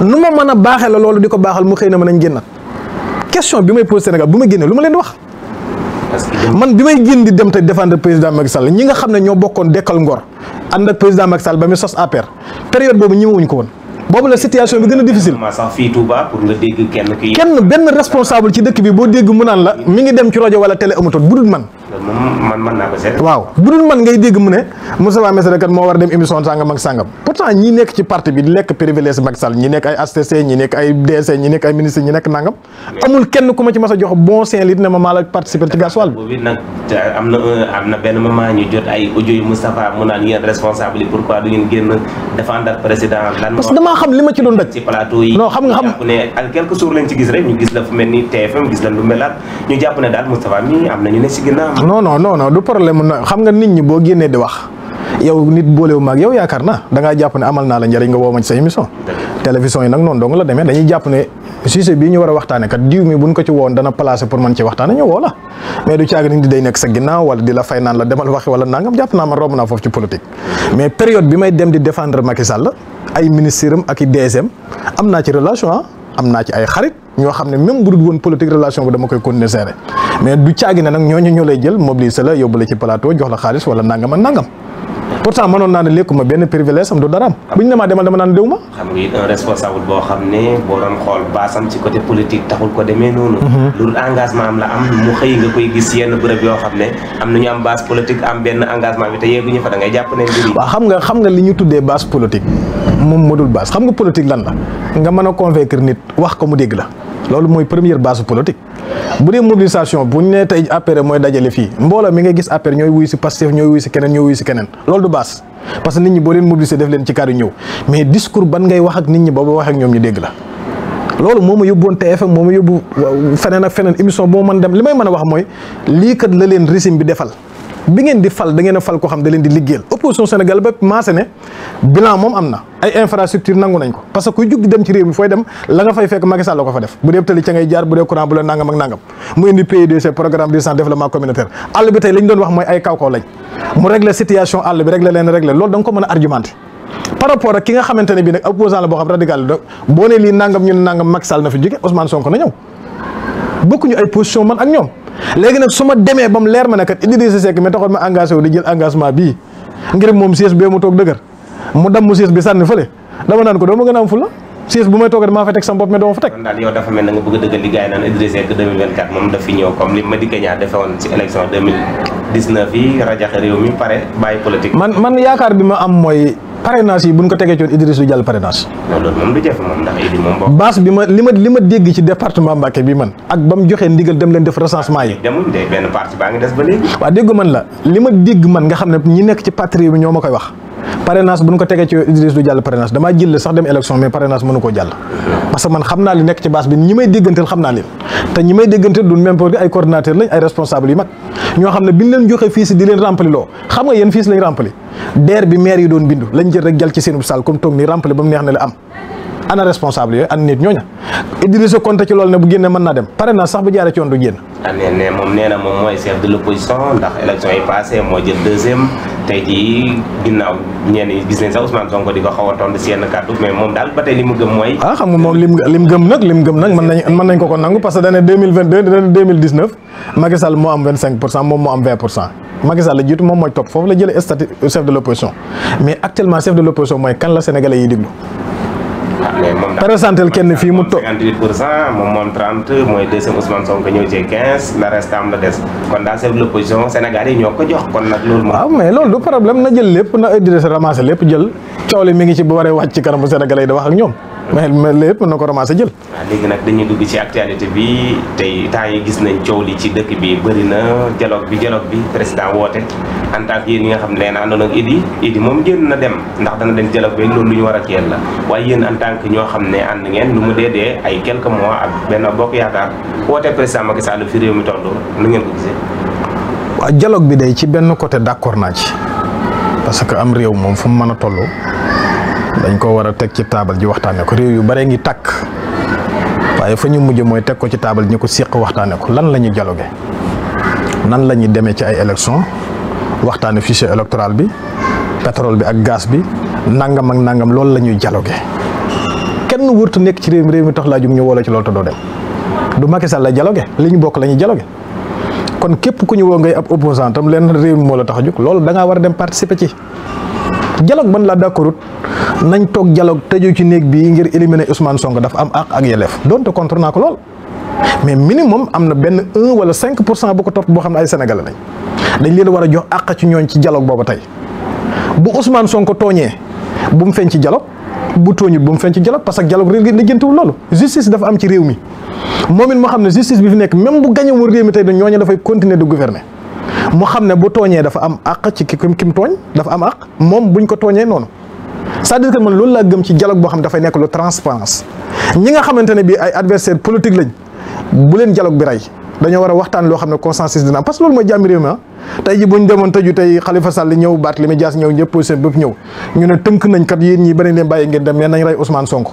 B: nu ma mën a baaxee la loolu di ko baaxal mu xëy na mën nañ génnaat question bi may posé Sénégal bu ma génnee lu ma leen wax. man bi may génn di dem te défendre président Macky Sall ñi nga xam ne ñoo bokkoon dekkal ngor ànd ak président Macky ba muy sos APR période boobu wuñ ko woon. boobu la situation bi gën a difficile. sax fii kenn benn responsable ci dëkk bi boo dégg mu naan la mi ngi dem ci rajo wala télé amatul budul man.
A: man man naa
B: ko seet. waaw bu dul man ngay dégg mu ne Moustapha Messere kat moo war dem émission sangam ak sangam pourtant ñi nekk ci parti bi lekk privilège Macky ñi nekk ay HCC ñi nekk ay DC ñi nekk ay ministre ñi nekk nangam. amul kenn ku ci mas a jox bon cinq litres ne ma maa la participer ci gasoil
A: bi. parce que damaa xam li ma ci doon daj. ci xam nga xam ñu jàpp ne ak ci gis rek ñu gis la fu mel ni TFM gis la lu melaat ñu jàpp ne daal Moustapha Ah,
B: non non non non du problème na xam nga nit ñi boo génnee di wax yow nit boolewu maag yow yaakaar na da ngaa jàpp ne amal naa la njëriñ nga woo ma ci sa émission. télévision yi nag noonu la demee dañuy jàpp ne sujet bii ñu war a waxtaanee kat diw mi buñ ko ci woon dana placé pour mën ci waxtaane ñu woo la mais du caaga nit di day nekk sa ginnaaw wala di la fay naan la demal waxi wala nangam jàpp naa man romb naa foofu ci politique. mais période bi may dem di défendre Macky ay ministre am ak i DSM am naa ci relation ah, am naa ci ay xarit. ñoo xam ne même bu dul woon politique relation bi dama koy continuer serré mais du caagi nag ñooñu ñoo lay jël mobiliser la yóbbu la ci plateau jox la xaalis wala nangam ak nangam pourtant mënoon naa ne lekkuma benn privilège am du dara am. bu ñu ne maa demal dama naan ma.
A: xam nga un boo xam ne boo doon xool baasam ci côté politique taxul ko demee noonu. loolu mhm. engagement am la am mu xëy nga koy gis yenn bërëb yoo xam ne am na ñu am base politique am benn engagement bi te yegguñu fa da jàpp ne mbir yi.
B: xam nga xam nga li ñu tuddee base politique moom modul base xam nga politique lan la nga mën a convaincre nit wax ko mu dégg la. loolu mooy première base politique bu dee mobilisation bu ñu nee tey APR mooy dajale fii mbooloo mi nga gis APR ñooy wuyu si Pastef ñooy wuyu si keneen ñooy wuyu si keneen loolu du base parce que nit ñi boo leen mobiliser def leen ci kàddu ñëw mais discours ban ngay wax ak nit ñi ba ba wax ak ñoom ñu dégg la. loolu moo ma yóbbu woon TFM moo ma yóbbu euh, feneen ak feneen émission boo man dem li may mën a wax mooy lii kat la leen régime bi defal. bi ngeen di fal da ngeen a fal ko xam da leen di liggéeyal opposition Sénégal ba maase ne bilan moom am na ay infrastructure nangu nañ ko parce que kuy jug di dem ci réew mi fooy dem la nga fay fekk Macky ko fa def bu dee tali ca ngay jaar bu dee courant bu la nangam ak nangam mu indi PUDC programme d'urgence développement communautaire àll bi tey lañ doon wax mooy ay kaw kaw lañ mu régler situation àll bi régler leen régler loolu da a argumenté ne bii nag opposant la boo xam radical la boo ne lii nangam ñun nangam Macky Sall léegi nag su ma demee ba mu leer ma ne kat Idrissa Seck mi ma engagé wu di jël engagement bii ngir moom siège bee mu toog dëgër mu damm siège bi sànni fële dama naan ko doo ma gën a am fula siège bu may toog maa fa teg sama bopp doo fa teg.
A: kon dafa mel na bëgg a dëggal li gars yi naan Idrissa Seck 2024 moom daf fi ñëw comme li Madické Niang defe woon ci élection yi rajax réew mi pare bàyyi politique.
B: man man yaakaar bi ma am parrainage yi bu ñu ko tegee coon Idriss du jàll parrainage. loolu moom bi ma li ma li ma dégg ci département Mbacké bi man ak ba mu joxee ndigal dem leen def recensement yi.
A: demuñ de benn parti baa ngi
B: des ba léegi. waaw déggu man la li ma dégg man nga xam ne ñi nekk ci parti bi ñoo ma koy wax. parrainage bu ñu ko tegee ci Idriss du jàll parrainage damaa jël sax dem élection mais parrainage mënu jàll parce bi ñi may dégganteel xam naa leen te ñi may dégganteel du même pour ay coordinateur lañ ay responsable yu mag ñoo xam ne bi ñu leen joxee fiis di leen rempli loo xam nga yéen fiis lañ rempli DER bi maire yi doon bindu lañ jël rek jàll ci seen salle comme toog nii rempli ba neex ne la am ana responsable yooyu ana nit ñooña Idrissa Konté ci loolu ne bu génne mën naa dem pare na sax bu jaaree ci yoon du ah,
A: moom nee moom mooy chef de l'opposition ndax élection yi passé a tontu si yenn kàddu mais moom daal ba tey li gëm mooy.
B: ah xam moom lim gëm nag lim gëm nag mën nañ ko ko nangu parce que deux mille vingt deux mille dix neuf Macky moo am vingt cinq pour cent moom moo am vingt pour cent. Macky la jiitu moom mooy topp foofu la jëlee statut chef de
A: présentel kenn fii mu toog 58 pour cent moom moom 30 mooy deuxième Ousmane Sonko ñëw ci 15 le reste la des kon daa seetlu l'opposition Sénégal yi ñoo ko jox kon nag loolu. waaw
B: ah, mais loolu du problème na jël lépp na Idrissa ramassé lépp jël coow li mi ngi ci bu waree wàcc kanamu Sénégalais yi da ak ñoom. mais mais lépp na ko léegi
A: nag dañuy dugg ci actualité bi tey temps yi gis nañ coow li ci dëkk bi bëri na dialogue bi dialogue bi président woote en tant que yéen ñi nga xam ne leen àndoon ak Idi Idi moom génn na dem ndax dana dem dialogue bi loolu lu ñu war a teel la waaye yéen en ñoo xam ne ànd ngeen lu mu dee dee ay quelques mois ak benn bokk yaakaar woote président Macky Sall fi réew mi toll nu ngeen ko gisee.
B: waaw dialogue bi day ci benn côté d'accord naa ci parce que am réew moom fu mu mën a toll. dañ ko war a teg ci taabal ji waxtaanee ko réew yu bare ngi tàkk waaye fa ñu mujj mooy teg ko ci taabal ñu ko séq waxtaanee ko lan lañuy ñuy nan la ñuy demee ci ay élection waxtaane fichier électoral bi pétrole bi ak gaz bi nangam ak nangam loolu la ñuy dialogue kenn wërtu nekk ci réew mi réew tax laa jug ñu woola ci loolu te doo dem du Macky Sall la dialogue li ñu bokk la ñuy dialogue kon képp ku ñu woo ngay ab opposant tam leen réew mi moo la tax a jug loolu da war a dem participer ci dialogue ban laa d'accordut nañ toog dialogue tëju ci néeg bii ngir éliminer Ousmane Sonko dafa am àq ak yelleef donte contre naa ko lool mais minimum am na benn un wala cinq pour cent bu ko topp boo xam ne ay sénégalais dañ leen war a jox àq ci ñooñ ci dialogue booba tey bu Ousmane Sonko tooñee bu mu feeñ ci dialogue bu tooñut bu mu feeñ ci dialogue parce que dialogue réew mi lijjantiwul loolu justice dafa am ci réew mi moom it moo xam ne justice bi fi nekk même bu gañewul réew mi tey dañ ñooñu dafay continuer de gouverner. mu xam ne bu tooñee dafa am àq ci ki ki mu tooñ dafa am àq moom buñ ko tooñee noonu cest à man loolu laa gëm ci dialogue boo xam dafay nekk lu transparence ñi nga xamante ne bii ay adversaire politique lañ bu leen dialogue bi rey dañoo war a waxtaan loo xam ne consensus dina am que loolu mooy jàmmi réew mi ah. tey ji buñ demoon tëju tey Khalifa Sall ñëw Barthélémy Dias ñëw ñëpp position bépp ñëw ñu ne tënk nañ kat yéen ñi beneen leen bàyyi ngeen dem ne nañ rey Ousmane Sonko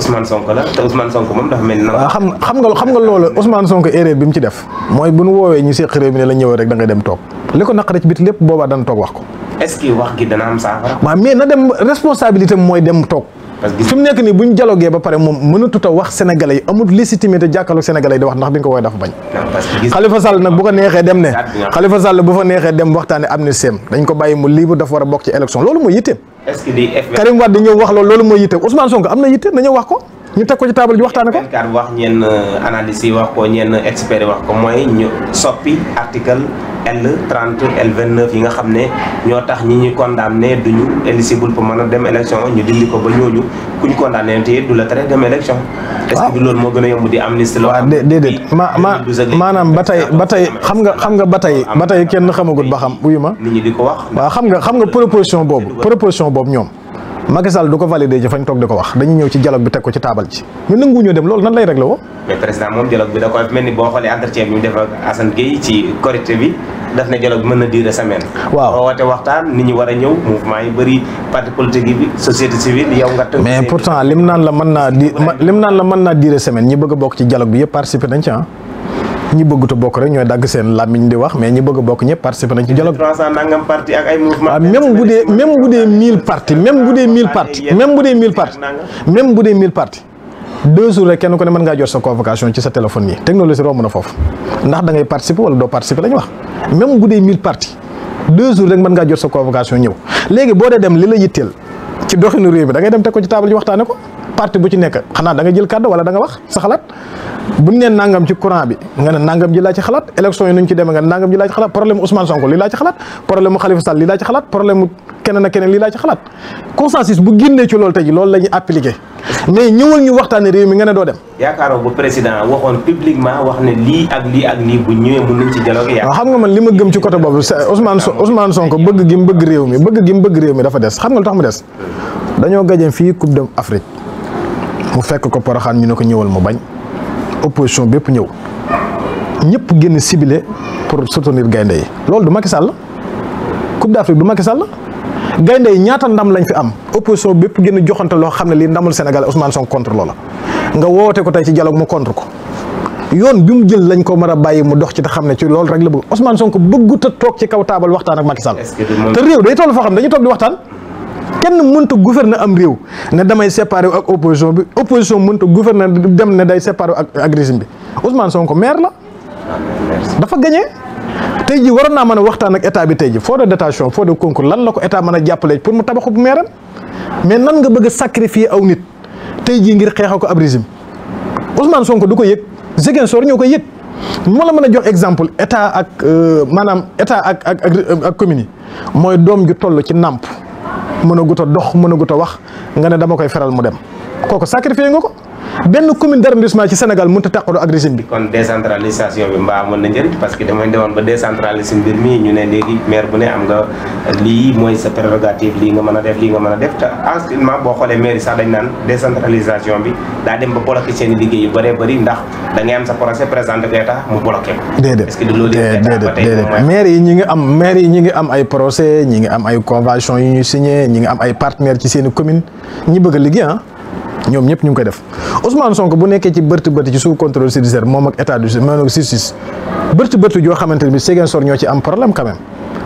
A: Ousmane Sonko la te Ousmane Sonko moom dafa mel ni. waaw xam
B: nga xam nga loolu Ousmane Sonko erreur bi mu ci def. mooy bu nu woowee ñu seq réew mi ne la ñëwee rek da ngay dem toog li ko naqaree ci biti lépp boobaa dana toog wax ko.
A: est wax gi dana am saafara.
B: waaw mais na dem responsabilité mooy dem toog. parce que fi mu nekk nii bu ñu dialogué ba pare moom mënatut a wax sénégalais yi amul légitimité jàkkaarloog sénégalais yi di wax ndax bi nga ko woowee dafa bañ. xalifa Sall nag bu ko neexee dem ne. xalifa Sall bu fa neexee dem waxtaanee amnistie dañ ko bàyyi mu libre dafa war a bokk ci élection loolu mooy yitteem.
A: est-ce que di Karim
B: Wade di ñëw wax loolu mooy yitteem Ousmane Sonko am na yitte na wax ko ñu teg ko ci table ji waxtaane ko.
A: wax ñenn euh, analyse yi wax ko ñenn expert yi wax ko mooy ñu soppi article trent el vingt 29 yi nga xam ne ñoo tax ñi ñu condamné duñu éligible pour mën a dem élection ñu dindi ko ba ñooñu kuñ condamné te du la tere dem élection. est ce que moo gën a yomb di amnistie la. waaw
B: déedéet ma ma maanaam ba tey ba tey xam nga xam nga ba tey ba kenn xamagut ba xam wuyu ma. nit ñi di ko wax. waaw xam nga xam nga proposition boobu proposition boobu ñoom. Macky du ko validé ci fañ toog di ko wax dañuy ñëw ci dialogue bi teg ko ci taabal ci ñu nangu ñoo dem loolu nan lay réglé woo.
A: mel ni boo xoolee entretien bi ñu def ak Assane Gueye ci Korité bi daf na dialogue bi mën na durer semaine. waaw waxtaan nit ñi war a ñëw mouvement yi bëri parti politique yi société civile yow nga. mais pourtant
B: lim naan la mën naa di lim naan la mën naa durer semaine ñi bëgg a bokk ci dialogue bi yëpp participer nañ ci ah. ñi bëggut a bokk rek ñooy dagg seen làmmiñ di wax mais ñi bëgg a bokk ñëpp participer nañ ci dialogue.
A: 300 nangam
B: parti ak ay mouvement. Ah, même bu dee même bu dee 1000 parti même bu dee 1000 parti même bu dee 1000 parti même bu dee 1000 parti deux jours rek kenn ku ne mën ngaa jot sa convocation ci sa téléphone yi technologie romb na foofu ndax da ngay participer wala doo participer lañ wax même bu dee 1000 parti deux jours rek mën ngaa jot sa convocation ñëw léegi boo dee dem li la yitteel ci doxinu réew mi da ngay dem teg ko ci table ji waxtaane ko. parti bu ci nekk xanaa da nga jël kàddu wala da nga wax sa xalaat buñ nee nangam ci courant bi nga ne nangam ji laa ci ci demee nga ne nangam ji laa ci xalaat problème Ousmane Sonko lii laa ci xalaat problème mu Khalifa laa ci xalaat problème mu keneen ak keneen lii laa ci xalaat consensus génnee ci loolu tey loolu la ñuy mais ñëwal ñu waxtaane réew mi nga ne doo dem
A: yaakaaroo bu président waxoon publiquement wax ne
B: xam nga man li ma gëm ci côté boobu Ousmane Ousmane Sonko bëgg gi mu bëgg réew mi bëgg gi mu bëgg réew mi dafa des xam nga lu tax mu des dañoo gaje fii coupe d'Afrique mu fekk ko poroxaan ñu ne ko ñëwal mu bañ opposition bépp ñëw ñëpp génn ciblé pour soutenir gaynde yi loolu du Macky Sall Coupe d'Afrique du Macky Sall gaynde yi ñaata ndam lañ fi am opposition bépp génn joxante loo xam ne lii ndamul Sénégal Ousmane Sonko contre loola nga woote ko tey ci dialogue mu contre ko yoon bi mu jël lañ ko mën a bàyyi mu dox ci te xam ne ci loolu rek la bëgg Ousmane Sonko bëggut a toog ci kaw taabal waxtaan ak Macky Sall te kenn mënta gouverner am réew ne damay séparé ak opposition bi opposition mënta gouverner dem ne day séparé ak ak régime bi Ousmane Sonko maire la. dafa gagné. tey jii waroon naa mën a waxtaan ak état bi tey jii fonds de dotation fonds de concours lan la ko état mën a jàppale pour mu tabaxu bu meeram mais nan bëgg a sacrifier aw nit tey jii ngir xeexal ko ab régime Ousmane Sonko du ko yëg Ziguinchor ñoo ko yëg moo la mën a jox exemple état ak euh, maanaam état ak ak ak communes yi mooy doom ju toll ci nàmp. mën a gut a dox mën a gut wax nga ne dama koy feral mu dem kooku sacrifié nga ko. benn commune d' arrondissement ci Sénégal mënut a tàqaloo ak régime bi. kon
A: décentralisation bi mbaa amoon na njëriñ parce que dama demoon ba léegi maire bu ne am nga lii mooy sa prérogative nga mën a def lii mën a def te boo xoolee maire sax dañ naan décentralisation bi daa dem ba bloqué seen liggéey yu bëree bëri ndax da ngay am sa projet présenté ko état mu bloqué ko. déedéet
B: est-ce maire yi ñi ngi am maire yi ñi ngi am ay procès ñi ngi am ay convention yu ñu signé ñi ngi am ay partenaires ci seen commune ñi bëgg a liggéey ah. ñoom ñëpp ñu ngi koy def Ousmane Sonko bu nekkee ci bërti bërti ci sous contrôle judiciaire moom ak état de justice moom ak justice bërti bërti joo xamante ne bi Ziguinchor ñoo ci am problème quand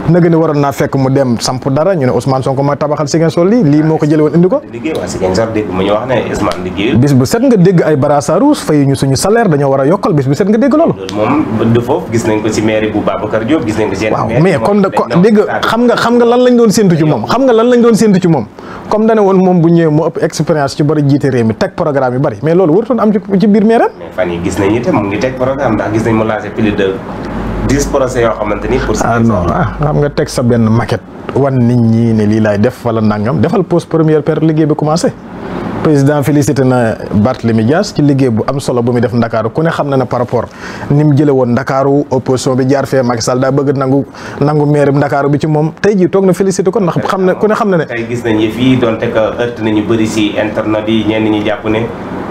B: nag ni waroon naa fekk mu dem samp dara ñu ne Ousmane Sonko ma tabaxal Ziguinchor lii lii moo ko jëlee woon indi ko. bis bu set nga dégg ay barasaruus fay ñu suñu salaire dañoo war a yokkal bis bu set nga dégg loolu.
A: moom de foofu waaw mais comme
B: dégg xam nga lan lañ doon séntu ci moom xam nga lan lañ doon séntu ci moom comme dane woon moom bu ñëwee moo ëpp expérience ci bari jiite réew mi teg programme yu bari mais loolu warutoon am ci biir mairie.
A: dix projets yoo xamante ni pour.
B: ah non ah xam nga teg sa benn maquette. wan nit ñi ne lii laay def wala nangam defal pose première pierre liggéey bi commencé. président félicité na Barthélémy Dias ci liggéey bu am solo bu muy def ndakaaru ku ne na par rapport ni jële woon ndakaaru opposition bi jaar fee Macky Sall daa bëgg na félicité
A: bëri si internet yi ñenn ñi jàpp ne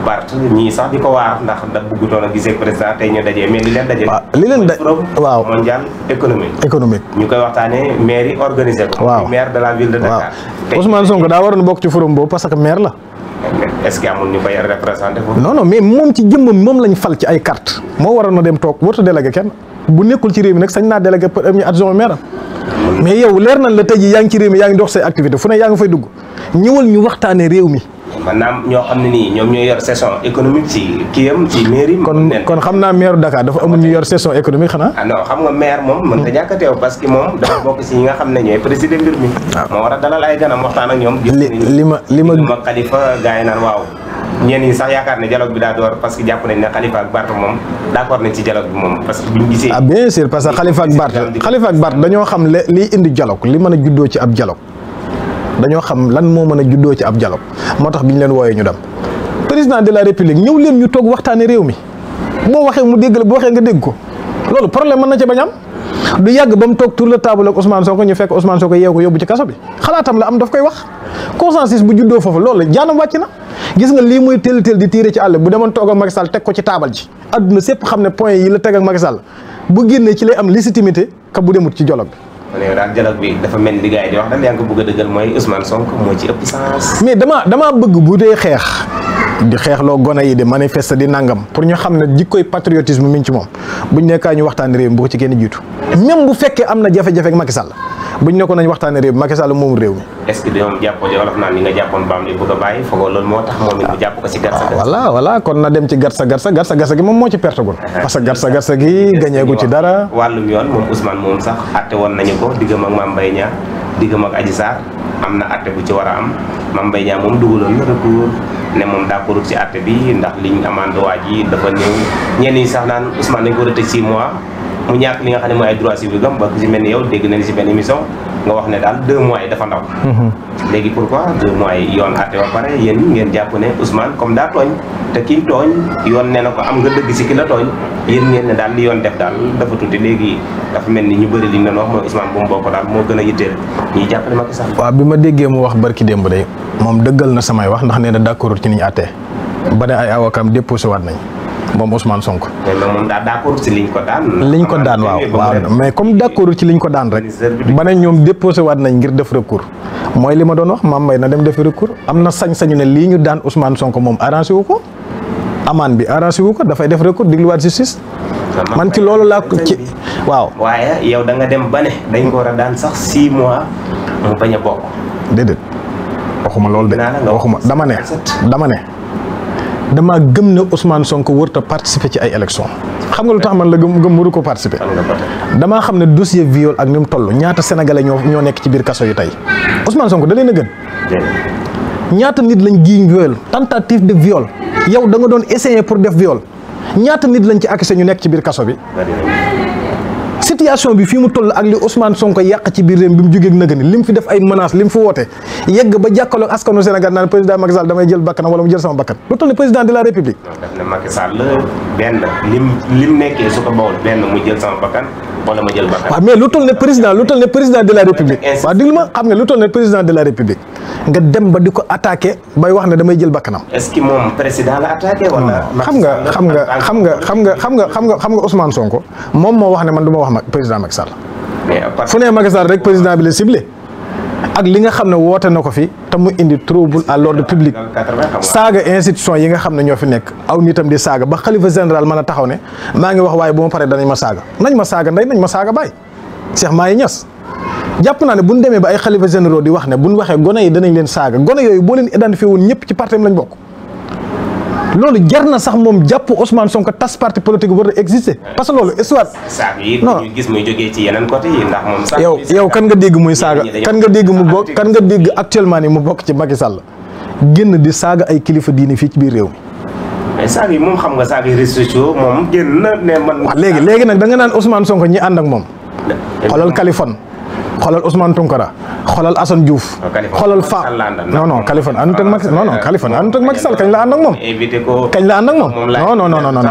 A: Bart ñii sax di ko waar ndax da bëggutoon a gisee président tey ñu dajee mais li leen daje waaw li leen da waaw mondial économique économique ñu koy waxtaanee maire
B: yi organisé daa waroon bokk ci forum boobu parce que maire la
A: ok est-ce que amul ñu
B: koy représenté non moom ci jëmmam moom lañ fal ci ay carte moo waroon a dem toog warut a délégué kenn bu nekkul ci réew mi nag sañ naa délégué premier adjoint au maire mais yow leer nañ la tey jii yaa ngi ci réew mi yaa ngi dox say activité fu ne yaa ngi fay dugg ñëwal ñu waxtaanee réew mi.
A: maanaam ñoo xam ne nii ñoom ñooy yor session économique ci kiyam
B: ci mairie. kon kon xam naa maire dafa amul ñu yor session économique xanaa. ah
A: xam nga maire moom mën ta ñàkk a teew parce que moom dafa bokk si ñi nga xam ne ah. ñoom. li ma li ma xalifa gars naan waaw. ñeen ñi sax yaakaar ne dialogue bi daa parce que jàpp nañ ne Khalifa ak Barth moom d'accord nañ ci dialogue bi moom parce que buñ gisee. ah parce que Khalifa
B: ak Barth dañoo xam li indi dialogue li dañoo xam lan moo mën a juddoo ci ab dialogue moo tax bi ñu leen wooyee ñu dem président de la république ñëw leen ñu toog waxtaanee réew mi boo waxee mu dégg la boo waxee nga dégg ko loolu problème mën na ci bañ am du yàgg ba mu toog tour de table ak Ousmane Sonko ñu fekk Ousmane Sonko yeew ko yóbbu ci kaso bi xalaatam la am daf koy wax consensus bu juddoo foofu loolu jaanam wàcc na gis nga lii muy teel teel di tiire ci àll bu demoon toog ak Macky Sall teg ko ci taabal ji adduna sépp xam ne point yi la teg ak Macky Sall ci lay am légitimité ka bu demut ci dialogue bi
A: ma ne daal bi dafa mel ni gars yi di bëgg mooy Ousmane Sonko moo ci ëpp
B: mais damaa damaa bëgg bu dee xeex di xeexloo gone yi di manifester di nangam pour ñu xam ne jikkoy patriotisme mi ngi ci moom buñ nekkaa ñu waxtaan réew mi bu ko ci kenn jiitu. même bu fekkee am na jafe-jafe ak Macky Sall buñ nekkoon nañ waxtaanee réew mi Macky Sall moom réew mi
A: est-ce que dañoo jàppoo ne wolof naan ni nga jàppoon baam li bëgg a bàyyi foogoo loolu moo tax moom it mu jàpp ko si garsa garsa ah,
B: voilà voilà kon na dem ci moo ci pertagul uh-huh. parce que garsa garsa gi gañeegu ci dara
A: wàllum yoon moom Ousmane moom sax atte woon nañu ko diggam ak Mame Mbaye Niang diggam ak Adji Sarr am na atte bu ci war a am Mame Mbaye Niang moom dugaloon na recours ne moom d'accordul ci atte bi ndax liñ amande waa ji dafa néew sax naan Ousmane dañ ko war a tëj mois mu ñàkk li nga xam ne mooy ay droits civiques am ba ku si mel ni yow dégg nañu si benn émission nga wax ne daal deux mois yi dafa ndaw. Mhm. léegi pourquoi deux na ko am nga dëgg si ki la tooñ yéen daal li yoon def daal dafa tuuti léegi dafa mel ni ñu bëri li ñu doon wax mooy Ousmane bu mu bokk daal moo gën a yitteel ñuy jàpp ne
B: Macky Sall. waaw bi ma déggee mu wax barki démb day moom dëggal na samay wax ndax nee na d'accord ci ni ñu ba ne ay awakam déposé waat nañ moom Ousmane Sonko.
A: moom daa d'accord ci liñ ko daan. waaw mais
B: comme d'accord ci liñ ko daan rek. ba ne ñoom déposé waat nañ ngir def recours. mooy li ma doon wax maam may na dem defi recours am na sañ-sañu ne lii ñu daan Ousmane Sonko moom arrangé ko. amaan bi arrangé wu ko dafay def waat digluwaat justice. man ci loolu laa ci waaw. waaye yow da nga dem ba dañ ko war a daan sax six mois mu bañ a bokk. waxuma loolu de waxuma dama ne dama ne. damaa gëm ne Ousmane Sonko wërta participer ci ay élections xam nga lu tax man la gëm gëm waru ko participer. damaa xam ne dossier viole ak ni mu toll ñaata sénégalais ñoo ñoo nekk ci biir kaso yi tey Ousmane Sonko da leen gën. ñaata nit lañ jiiñ viol tentative de viol yow da doon essayer pour def viol ñaata nit lañ ci accusé ñu nekk ci biir kaso bi. situation bi fii mu fi def ay menaces li fi woote yegg ba jàkkaarloog askanu Sénégal naan président Macky damay jël bakkanam wala mu jël sama bakkan lu toll ni président de la république.
A: lim nekkee su ko bawul benn mu jël sama bakkan wala ma jël
B: mais lu toll ne président lu toll ne président de la république waaw déglu ma xam nga lu toll ne président de la république nga dem ba di ko attaqué bay wax ne damay jël bakkanam est-ce
A: xam moom président la attaqué wala xam
B: nga xam nga xam nga xam nga xam nga xam nga xam nga Ousmane Sonko moom moo wax ne man du ma wax ma président ma Sall fu ne Macky Sall rek président bi la ciblé ak li nga xam ne woote na ko fi te mu indi trouble à l'ordre public saaga institution yi nga xam ne ñoo fi nekk aw nitam di saaga ba xalifa général mën a taxaw ne maa ngi wax waaye bu ma paree danañ ma saaga nañ ma saaga ndey nañ ma saaga baay Cheikh Mahi Niass jàpp naa ne bu ñu demee ba ay xalifa généraux di wax ne bu ñu waxee gone yi danañ leen saaga gone yooyu boo leen identifié woon ñëpp ci parti am lañ bokk. loolu jar na sax moom jàpp Ousmane sonk tas parti politique war a exister parce que loolu histoire.
A: saag yi ñu gis muy ci yeneen côté yi yow yow
B: kan nga dégg muy saaga kan nga dégg mu bokk kan nga dégg actuellement ni mu bokk ci Macky Sall génn di saaga ay kilifa diine fii ci biir réew mi.
A: mais yi moom xam nga saag yi réseaux sociaux moom génn man. léegi
B: léegi nag da nga naan Ousmane Sonko ñi ànd ak moom. xoolal Kaliphone xoolal Ousmane Tounkara xoolal Assane Diouf. xoolal Fa no non Kaliphone ànd ak Macky non non Kaliphone ànd ak Macky Sall kañ la ànd ak moom. invité ko kañ la ànd ak moom. non non non non non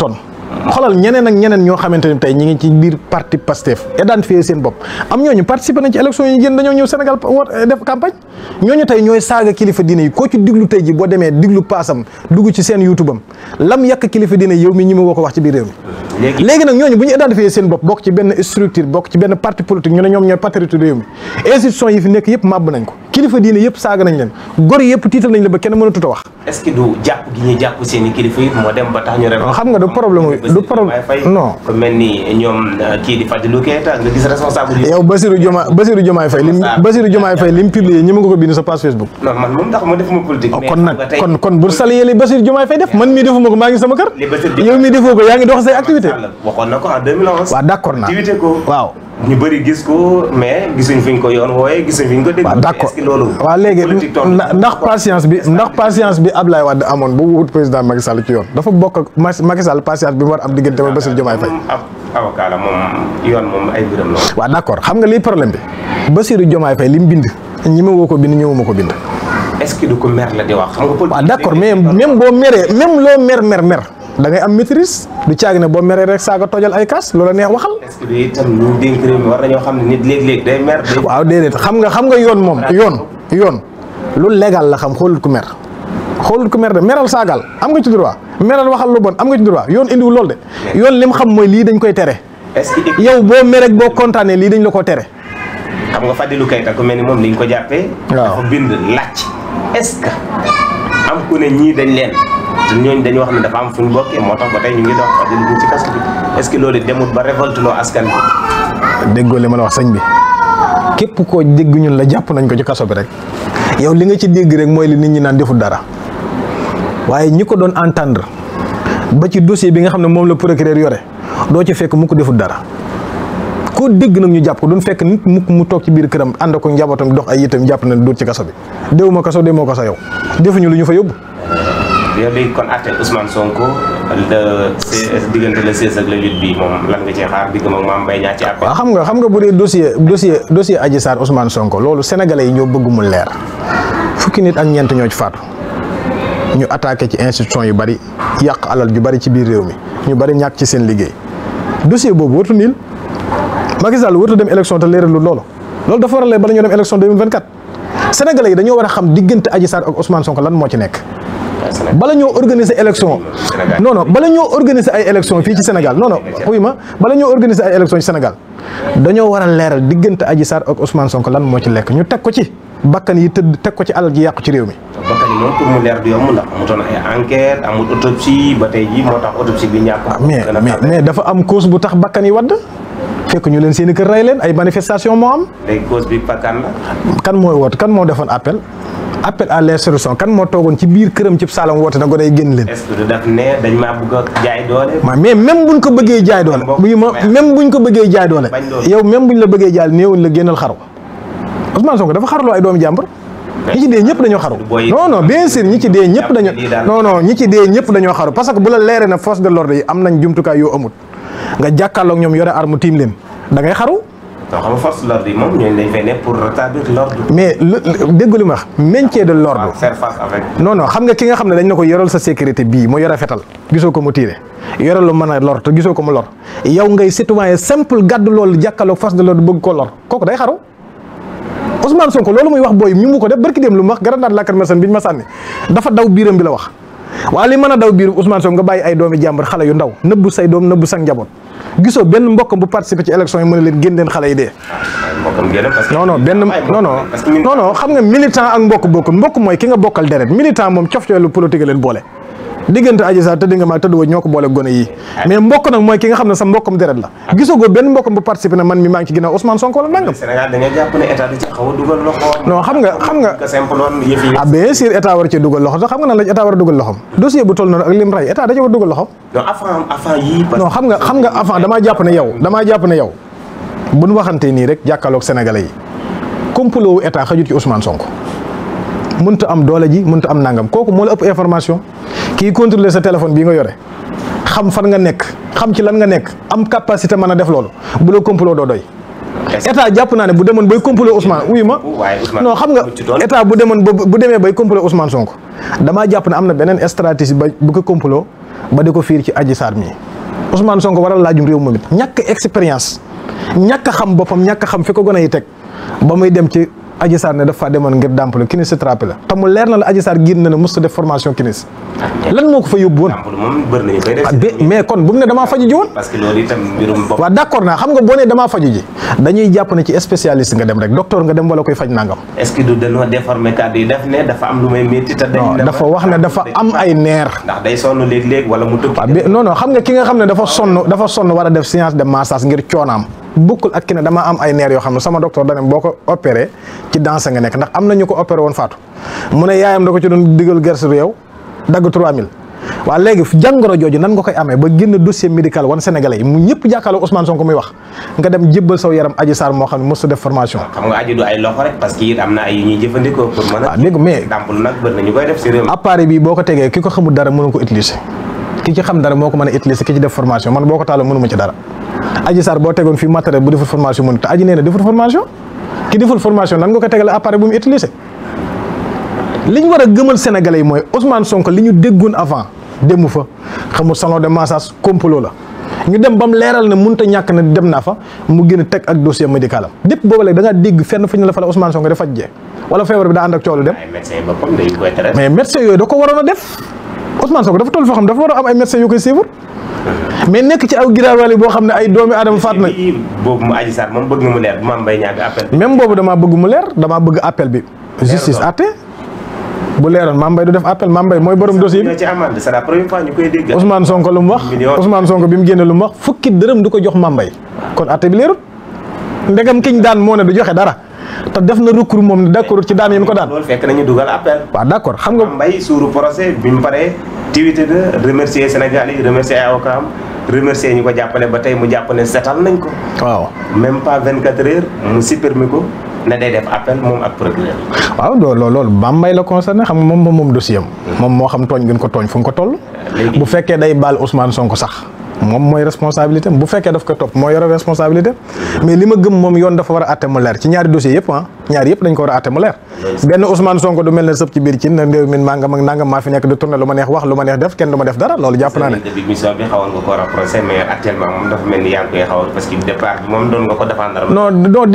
B: non. boo xam xoolal ñeneen ak ñeneen ñoo xamante ne tey ñi ngi ci biir parti Pastef identifier seen bopp am ñooñu participer nañ ci élection yi génn dañoo ñëw Sénégal eh, def campagne ñooñu tey ñooy saaga kilifa diine yi koo ci diglu tey ji boo demee diglu paasam dugg ci seen YouTube am lam yàq kilifa diine yow mi ñi ma woo ko wax ci biir réew mi léegi nag ñooñu bu ñu identifier seen bopp bokk ci benn structure bokk ci benn parti politique ñu ne ñoom ñooy yi fi nekk yëpp màbb nañ ko kilifa diine yëpp saaga nañ leen gor yëpp tiital nañ la ba kenn mënatut a wax. xam nga du problème du problème non.
A: ku mel ni euh,
B: lim Basirou Diomaye Faye lim ko bind sa Facebook. Oh, kon nag kon kon bu salee li Basirou Diomaye Faye def man mii defuma ko maa ngi sama kër. yow mii defoo ko yaa ngi dox say activité
A: waxoon na naa waaw ñu bëri gis ko mais gisuñ fi ñu ko yoon wooye gisuñ fi ñu ko dégg. waaw waa accord
B: waaw léegi ndax patience bi ndax patience bi Ablaye Wade amoon bu wut président Macky ci yoon dafa bokk ak Macky Sall patience bi mu war am diggante ba Bassirou Diomaye Faye. yoon moom ay mbiram la. xam nga liy problème bi Bassirou Diomaye Faye li mu bind ñi ma woo ko bind ñëwuma ko bind. est ce
A: du ko mer la di wax. xam
B: nga d' accord mais même boo meree même loo mer mer mer. da ngay am maîtrise du caag ne boo meree rek saaga tojal ay kaas loola neex waxal.
A: est-ce xam ne nit léeg-léeg day waaw
B: déedéet xam nga xam nga yoon moom yoon yoon lu légal la xam xoolut ku mer xoolut ku mer de meral saagal am nga ci droit meral waxal lu bon am nga ci yoon indiwul lool de yoon lim xam mooy lii dañ koy tere. est boo merek boo kontaanee lii dañ la ko tere.
A: xam nga Fadilou Keita ku mel ni moom liñ ko jàppee. waaw dafa bind laaj. est-ce que ne ñii dañ leen. ñooñu dañu wax ne dafa am fu ñu bokkee moo tax ba tey ñu ngi dox wax dëgg ci kaso bi est-ce que loolu demut ba révolte loo askan bi.
B: déggoo li ma la wax sëñ bi képp koo dégg ñun la jàpp nañ ko ci kaso bi rek yow li nga ci dégg rek mooy li nit ñi naan deful dara waaye ñi ko doon entendre ba ci dossier bi nga xam ne moom la procureur yore doo ci fekk mu ko deful dara. koo dégg nag ñu jàpp ko duñ fekk nit mu toog ci biir këram ànd ko njabootam dox ay itam jàpp na dóor ci kaso bi déwuma kaso déwuma kaso yow defuñu lu ñu fa yóbbu.
A: yow léegi kon àtte Ousmane Sonko le diggante le 16 ak le bi moom lan nga cee xaar digg moom Mame Mbaye Niang ci àtte.
B: waaw xam bu dee dossier dossier dossier Adji Sarr Sonko loolu sénégalais yi ñoo bëgg mu leer fukki nit ak ñeent ñoo ci faatu ñu attaqué ci institution yu bari yàq alal yu bari ci biir réew mi ñu bari ñàkk ci seen liggéey dossier boobu wartu niil Macky Sall wartu dem élection te leeralul loolu loolu dafa war a leer bala ñoo dem élection 2024 yi dañoo war xam diggante Adji Sarr ak Sonko lan moo ci nekk. bala ñoo organiser élection non non bala ñoo organiser ay élection fii ci Sénégal non non ma bala ñoo organiser ay élection ci Sénégal dañoo war a leeral diggante Adji Sarr ak Ousmane Sonko lan moo ci lekk ñu teg ko ci bakkan yi tëdd teg ko ci alal ji yàqu ci réew mi.
A: bakkan mu leer du yomb ndax amutoon ay enquête amul autopsie ba tey jii moo tax autopsie bi ñàkk ah,
B: mais mais dafa am cause bu tax bakkan yi wadd fekk ñu leen seen i kër rey leen ay manifestation moo am.
A: léegi cause bi kan la.
B: kan mooy woote kan moo defoon appel. appel à l'insurrection kan moo toogoon ci biir këram cib saalam woote na ko day génn leen. jaay doole. mais même buñ ko bëggee jaay doole. bu ma même buñ ko bëggee jaay doole. yow même buñ la bëggee jaay néewuñ la génnal xaru. Ousmane Sonko dafa xarloo ay doomu jàmbur. ñi dee ñëpp dañoo xaru. non non bien sûr dee ñëpp dañoo. xaru parce que bu la leeree na force de l'ordre yi nga jàkkaarloog ñoom yore arme tiim leen da ngay xaru.
A: xam nga force de l'ordre yi
B: mais lu dégg li ma wax. maintien de l'ordre faire face avec. non xam nga ki nga xam ne dañ na ko yoral sa sécurité bii mu yore fetal gisoo ko mu tiire yoral lu mën a lor te gisoo ko mu lor yow ngay citoyen simple gàddu loolu jàkkaarloog force de l'ordre bëgg ko lor kooku day xaru. Ousmane Sonko loolu muy wax booy ñu ko def barki dem lu mu wax grenade lacrymogène bi ñu ma sànni dafa daw biiram bi la wax waaw li mën a daw biir Ousmane Sonko nga bàyyi ay doomi jàmbur xale yu ndaw nëbbu say doom nëbbu sa njaboot gisoo benn mbokkam bu participer ci élection yi mën a leen génn leen xale yi dee. non non benn non non non non xam nga militant ak mbokk mbokk mooy ki nga bokkal deret militant moom cof lu politique leen boole diggante Adji Sarr tëdd nga maa tëdd woo ñoo ko boole gone yi mais mbokk nag mooy ki nga xam ne sa mbokkam deret la gisagoo benn mbokkam bu participé na man mi maa ngi ci ginnaaw Ousmane Sonko wala nangam non xam nga xam ah, loxo xam nga nan la a dugal loxom dossier bu toll noonu ak lim ray état da a nga xam nga avant damaa jàpp ne yow damaa jàpp ne yow buñ waxantee nii rek jàkkaaloog sénégalais yi complot wu état xajut ci Ousmane Sonko mënta am doole ji mun mënta am nangam kooku moo la ëpp information kii contrôler sa téléphone bi nga yore xam fan nga nekk xam ci lan nga nekk am capacité mën a def loolu bu la complot doo doy. état jàpp naa ne bu demoon ba complot Ousmane wuyu ma non xam nga état bu demoon bu demee bay complot Ousmane Sonko damaa jàpp ne am na beneen stratégie ba bu ko complot ba di ko fiir ci Adji Sarr mii Ousmane Sonko waral laajum réew moom it ñàkk expérience ñàkk xam boppam ñàkk xam fi ko gën a yi teg ba muy dem ci Adji Sarr ne dafa demoon ngir dàmpalu kinésithérapeute la te leer na la Adji Sarr génn na ne mosut def formation kinés lan moo ko fa yóbbu woon.
A: Ah,
B: mais kon bu mu ne damaa faju ji woon.
A: parce que loolu itam mbirum bopp. waaw d'
B: accord naa xam nga boo nee damaa faju ji jàpp ne ci spécialiste nga dem rek docteur nga dem wala koy faj nangam.
A: est ce que du dañoo déformé kàddu yi daf ne dafa am wax ne dafa am ay neer. ndax day wala mu
B: ah, non non xam nga ki nga xam ne dafa sonn dafa sonn war a def séance de massage ngir coonaam bukkul ak ki ne damaa am ay neer yoo xam ne sama docteur dane boo ko opéré ci danse nga nekk ndax am na ñu ko opéré woon faatu mu ne yaayam da ko ci doon nan nga koy amee ba génn dossier médical wan Sénégalais yi mu ñëpp jàkkaarloo Ousmane Sonko muy wax nga dem jébbal saw yaram Adji Sarr moo xam ne mos def formation. xam
A: a. waaw ah,
B: dégg mais dàmpul
A: nag bëri na ñu koy def si réew mi.
B: appareil bi boo ko tegee ki ko xamul dara mënu ko utiliser ki ci xam dara moo ko mën a utiliser ki ci def formation man boo ko taaloo mënuma Adji Sarr boo tegoon fii matériel bu deful formation mënut a aji nee na deful formation ki deful formation nan nga ko tegale appareil bu mu utilisé. li ñu war a gëmal sénégalais yi mooy Ousmane sonk li ñu déggoon avant demu fa xamul salon de massage complot la ñu dem ba mu leeral ne mun ta ñàkk ne dem naa fa mu gën a teg ak dossier médical am lépp boobu léegi da ngaa dégg fenn fu ñu la fa la Ousmane Sonko dafa faj jee wala feebar bi daa ànd ak coow lu dem. mais médecin ko waroon a def. Ousmane Sonko dafa toll foo xam dafa war a am ay médecins yu koy suivre mais nekk ci aw giraawaale boo xam ne ay doomi aadama faat na.
A: boobu mu moom bëgg leer Mame Mbaye Niang appel.
B: boobu dama bëgg mu leer damaa bëgg appel bi. justice àtte bu leeroon Mame Mbaye du def appel Mame Mbaye mooy borom dossier bi.
A: c'est la première fois ñu koy dégg. Ousmane
B: Sonko lu wax Ousmane Sonko bi mu génne lu wax fukki dërëm du ko jox Mame Mbaye kon àtte bi leerut ndegam kiñ daan moo ne du joxe dara te def na recours moom ne d' ci daan yi ko daan. waaw d' accord xam nga. mbay suuru procès bi mu paree tiwite Sénégal
A: yi remercier ay avocat ko jàppale ba tey mu jàpp ne setal nañ ko. waaw même pas 24 heures mu supprimer ko. ne day def appel moom ak procureur.
B: waaw loolu loolu Bambey la concerné xam nga moom moom dossier am. Hmm. moom moo xam tooñ gën ko tooñ fu mu ko toll. bu fekkee day baal Ousmane Sonko sax. moom mooy responsabilité bu fekkee daf ko topp moo yore responsabilité mais li ma gëm moom yoon dafa war a àtte mu leer ci ñaari dossier yëpp ah ñaari yëpp dañ ko war a àtte mu leer benn Ousmane Sonko du mel ne sëb ci biir cin na réew mi nangam ak nangam maa fi nekk di kenn du ma def dara loolu jàpp naa ne
A: début mission bi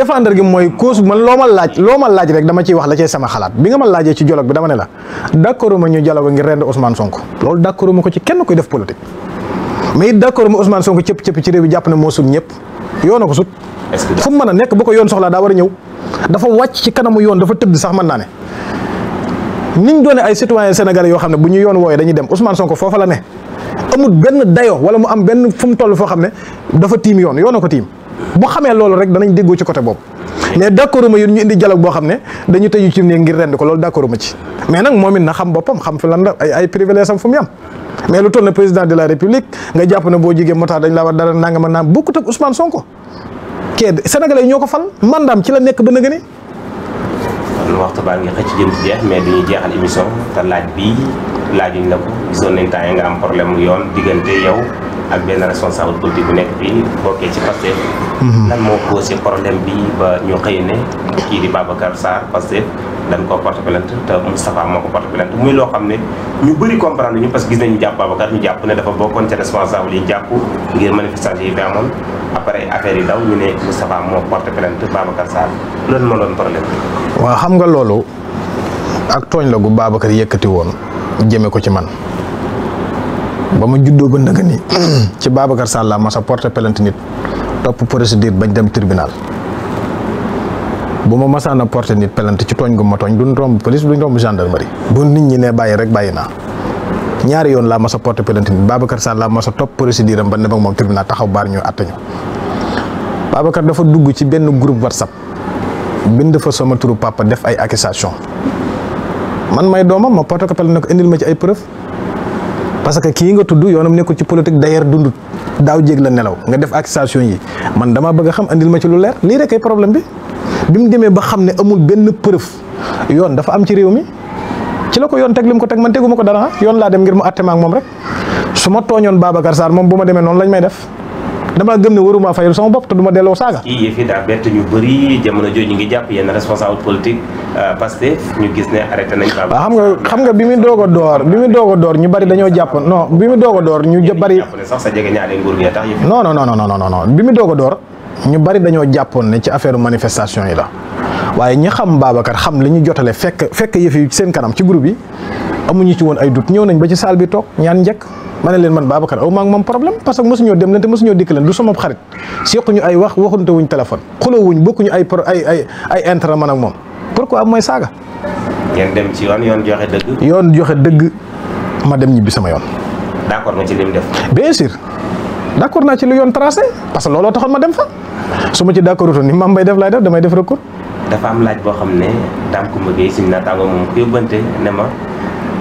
B: xawoon gi mooy cause man loo ma laaj loo ma laaj rek dama ciy wax la cay sama xalaat bi nga ma laajee ci dialogue bi dama ne la d'accord ma ñu dialogue ngir rend Ousmane Sonko loolu d'accord ko ci kenn koy def politique mais it d'accord mu Ousmane Sonko cëpp cëpp ci réew bi jàpp na moo sut ñëpp yoon ko sut. fu mu mën a nekk bu ko yoon soxlaa daa war a ñëw dafa wàcc ci kanamu yoon dafa tëdd sax man naa ne. niñ doone ay citoyen sénégalais yoo xam ne bu ñu yoon wooyee dañuy dem Ousmane Sonko foofa la ne amul benn dayo wala mu am benn fu mu toll foo xam ne dafa tiim yoon yoon ko tiim. bu xamee loolu rek danañ déggoo ci côté boob mais d'accord ma yéen ñu indi dialogue boo xam ne dañu tëju ci ne ngir rendi ko loolu d'accord ma ci mais nag moom it na xam boppam xam fi ay ay privilège am fu mu yam mais lu toll na jàpp ne boo jigee moo tax dañ laa war dara nangama naam bokkut ak Ousmane Sonko kee Sénégalais yi ñoo ko fal mandaam ci la nekk ba nga ne.
A: kon waxtu baa ngi xëcc jëm ci jeex mais dañuy jeexal émission te laaj bii laajuñ la ko gisoon nañ temps nga am problème yoon diggante yow. ak benn responsable politique bu nekk fii bokkee ci Pastef mhm. moo problème bi ba ñu xëy ne kii di Babacar Sarr Pastef dañ koo porte plainte te Moustapha moo ko porte plainte loo xam ne ñu bëri comprendre ñu parce que gis nañu jàpp Babacar ñu jàpp ne dafa bokkoon ci responsable yi jàpp ngir manifestation yi fi amoon après affaire yi daw ñu ne Moustapha moo porte plainte Babacar Sarr loolu moo doon problème bi.
B: xam nga loolu ak tooñ la gu Babacar yëkkati woon jëme ko ci man. ba ma juddoo ba ndëgg ni ci Babacar Sall ma sa porté plainte nit topp procédure bañ dem tribunal bu ma masaan a porté nit plainte ci tooñ gu ma tooñ duñ romb police duñ romb gendarmerie bu nit ñi ne bàyyi rek bàyyi naa ñaari yoon laa ma sa porté plainte nit Babacar Sall ma sa topp procédure am ba ne ak moom tribunal taxaw baar ñu attañu Babacar dafa dugg ci benn groupe WhatsApp bind fa sama turu papa def ay accusation man may doomam ma porté ko plainte ne ko indil ma ci ay preuve parce que kii nga tudd yoonam nekkul ci politique d'ailleurs dundut daaw jéeg la nelaw nga def accusation yi man damaa bëgg xam andil ma ci lu leer lii rek ay problème bi bi mu demee ba xam ne amul benn preuve yoon dafa am ci réew mi ci la ko yoon teg lum ko teg man teguma ko dara ah yoon laa dem ngir mu àtte ma moom rek su ma tooñoon Babacar Sarr moom bu ma demee noonu lañ may def. dama gëm ne waruma fayal sama bopp te du ma delloo saaga. kii
A: yëf yi ñu ngi jàpp yenn responsable politique euh, parce que ñu gis ne arrêté nañ xam nga
B: xam nga bi mu doog a door bi mu door ñu bëri dañoo jàpp non bi mu doog a door ñu bëri. jàpp
A: sax sa jege ñaari nguur gi tax yëf.
B: non non non ñu bëri dañoo jàppoon ne ci affaire manifestation yi la waaye ñi xam Babacar xam li ñu jotale fekk fekk yëf yi seen kanam ci groupe yi amuñu ci woon ay dut ñëw nañ ba ci saal bi toog ñaan njëkk ma leen man Babacar aw ma ak moom problème parce que mosuñoo dem leen te mosuñoo dikk leen du sama xarit sequñu ay wax waxunte wuñ téléphone xuloo wuñ bokkuñu ay pro ay ay ay intérêt man ak moom pourquoi mooy saaga. ngeen dem ci yoon yoon joxe dëgg. yoon joxe dëgg ma dem ñibbi sama yoon.
A: d'accord nga ci li mu def.
B: bien sûr d'accord naa ci lu yoon tracé parce que looloo taxoon ma dem fa su ma ci d'accord wutoon ni maam bay def laay def damay def recours.
A: dafa am laaj boo xam ne daam ko mbëggee suñu naataango moom ku yóbbante ne ma.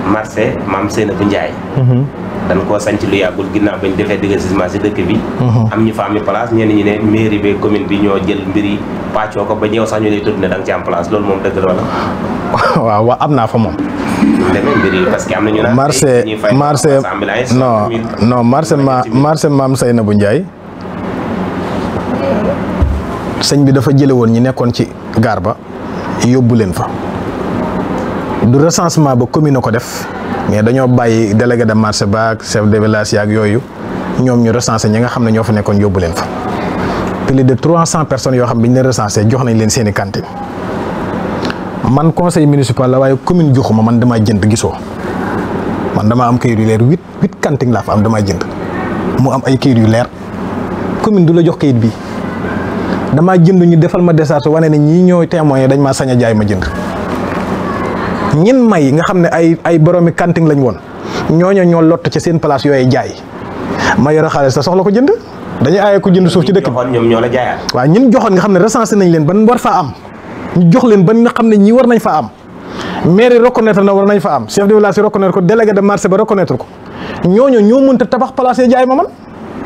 A: marché maam Seynabou Ndiaye mhm. dañ koo sanc lu yàggul ginnaaw bañ defee déguerpissement si dëkk bi mhm. am ñu bi commune bi ñoo jël ko ba ñëw sax ñu lay tudd ne da nga
B: waaw am naa fa moom
A: parce que am na ñu naan marché marché non
B: non marché ma marché maam Seynabou Ndiaye sëñ bi dafa jële woon ñu nekkoon ci gaar ba yóbbu leen fa du recensement ba commune na ko def mais dañoo bàyyi délégué de marché baak chef de village yaak yooyu ñoom ñu recensé ñi nga xam ne ñoo fa nekkoon yóbbu leen fa plus de cent personnes yoo xam ne bi ñu leen recensé jox nañ leen seen i man conseil municipal la waaye commune joxuma man damaa jënd gisoo man dama am kayit yu leer huit huit cantine laa fa am damaa jënd mu am ay kayit yu leer commune du la jox kayit bi damaa jënd ñu defal ma décharge wane ne ñii ñoo témoin dañ maa sañ a jaay ma jënd. ñin may nga xam ne ay ay boroomi kanting lañ woon ñooñu ñoo lott ci seen place yooyu jaay ma yore xaalis sa soxla ko jënd dañuy aaye ko jënd suuf ci dëkk bi ñoom ñoo la jaayaat waaw ñin joxoon nga xam ne recensé nañ leen ban war faa am ñu jox leen ban nga xam ne ñii war nañ fa am mairie reconnaître na war nañ fa am chef de village reconnaître ko délégué de marché ba reconnaître ko ñooñu ñoo mënta tabax place yi jaay ma man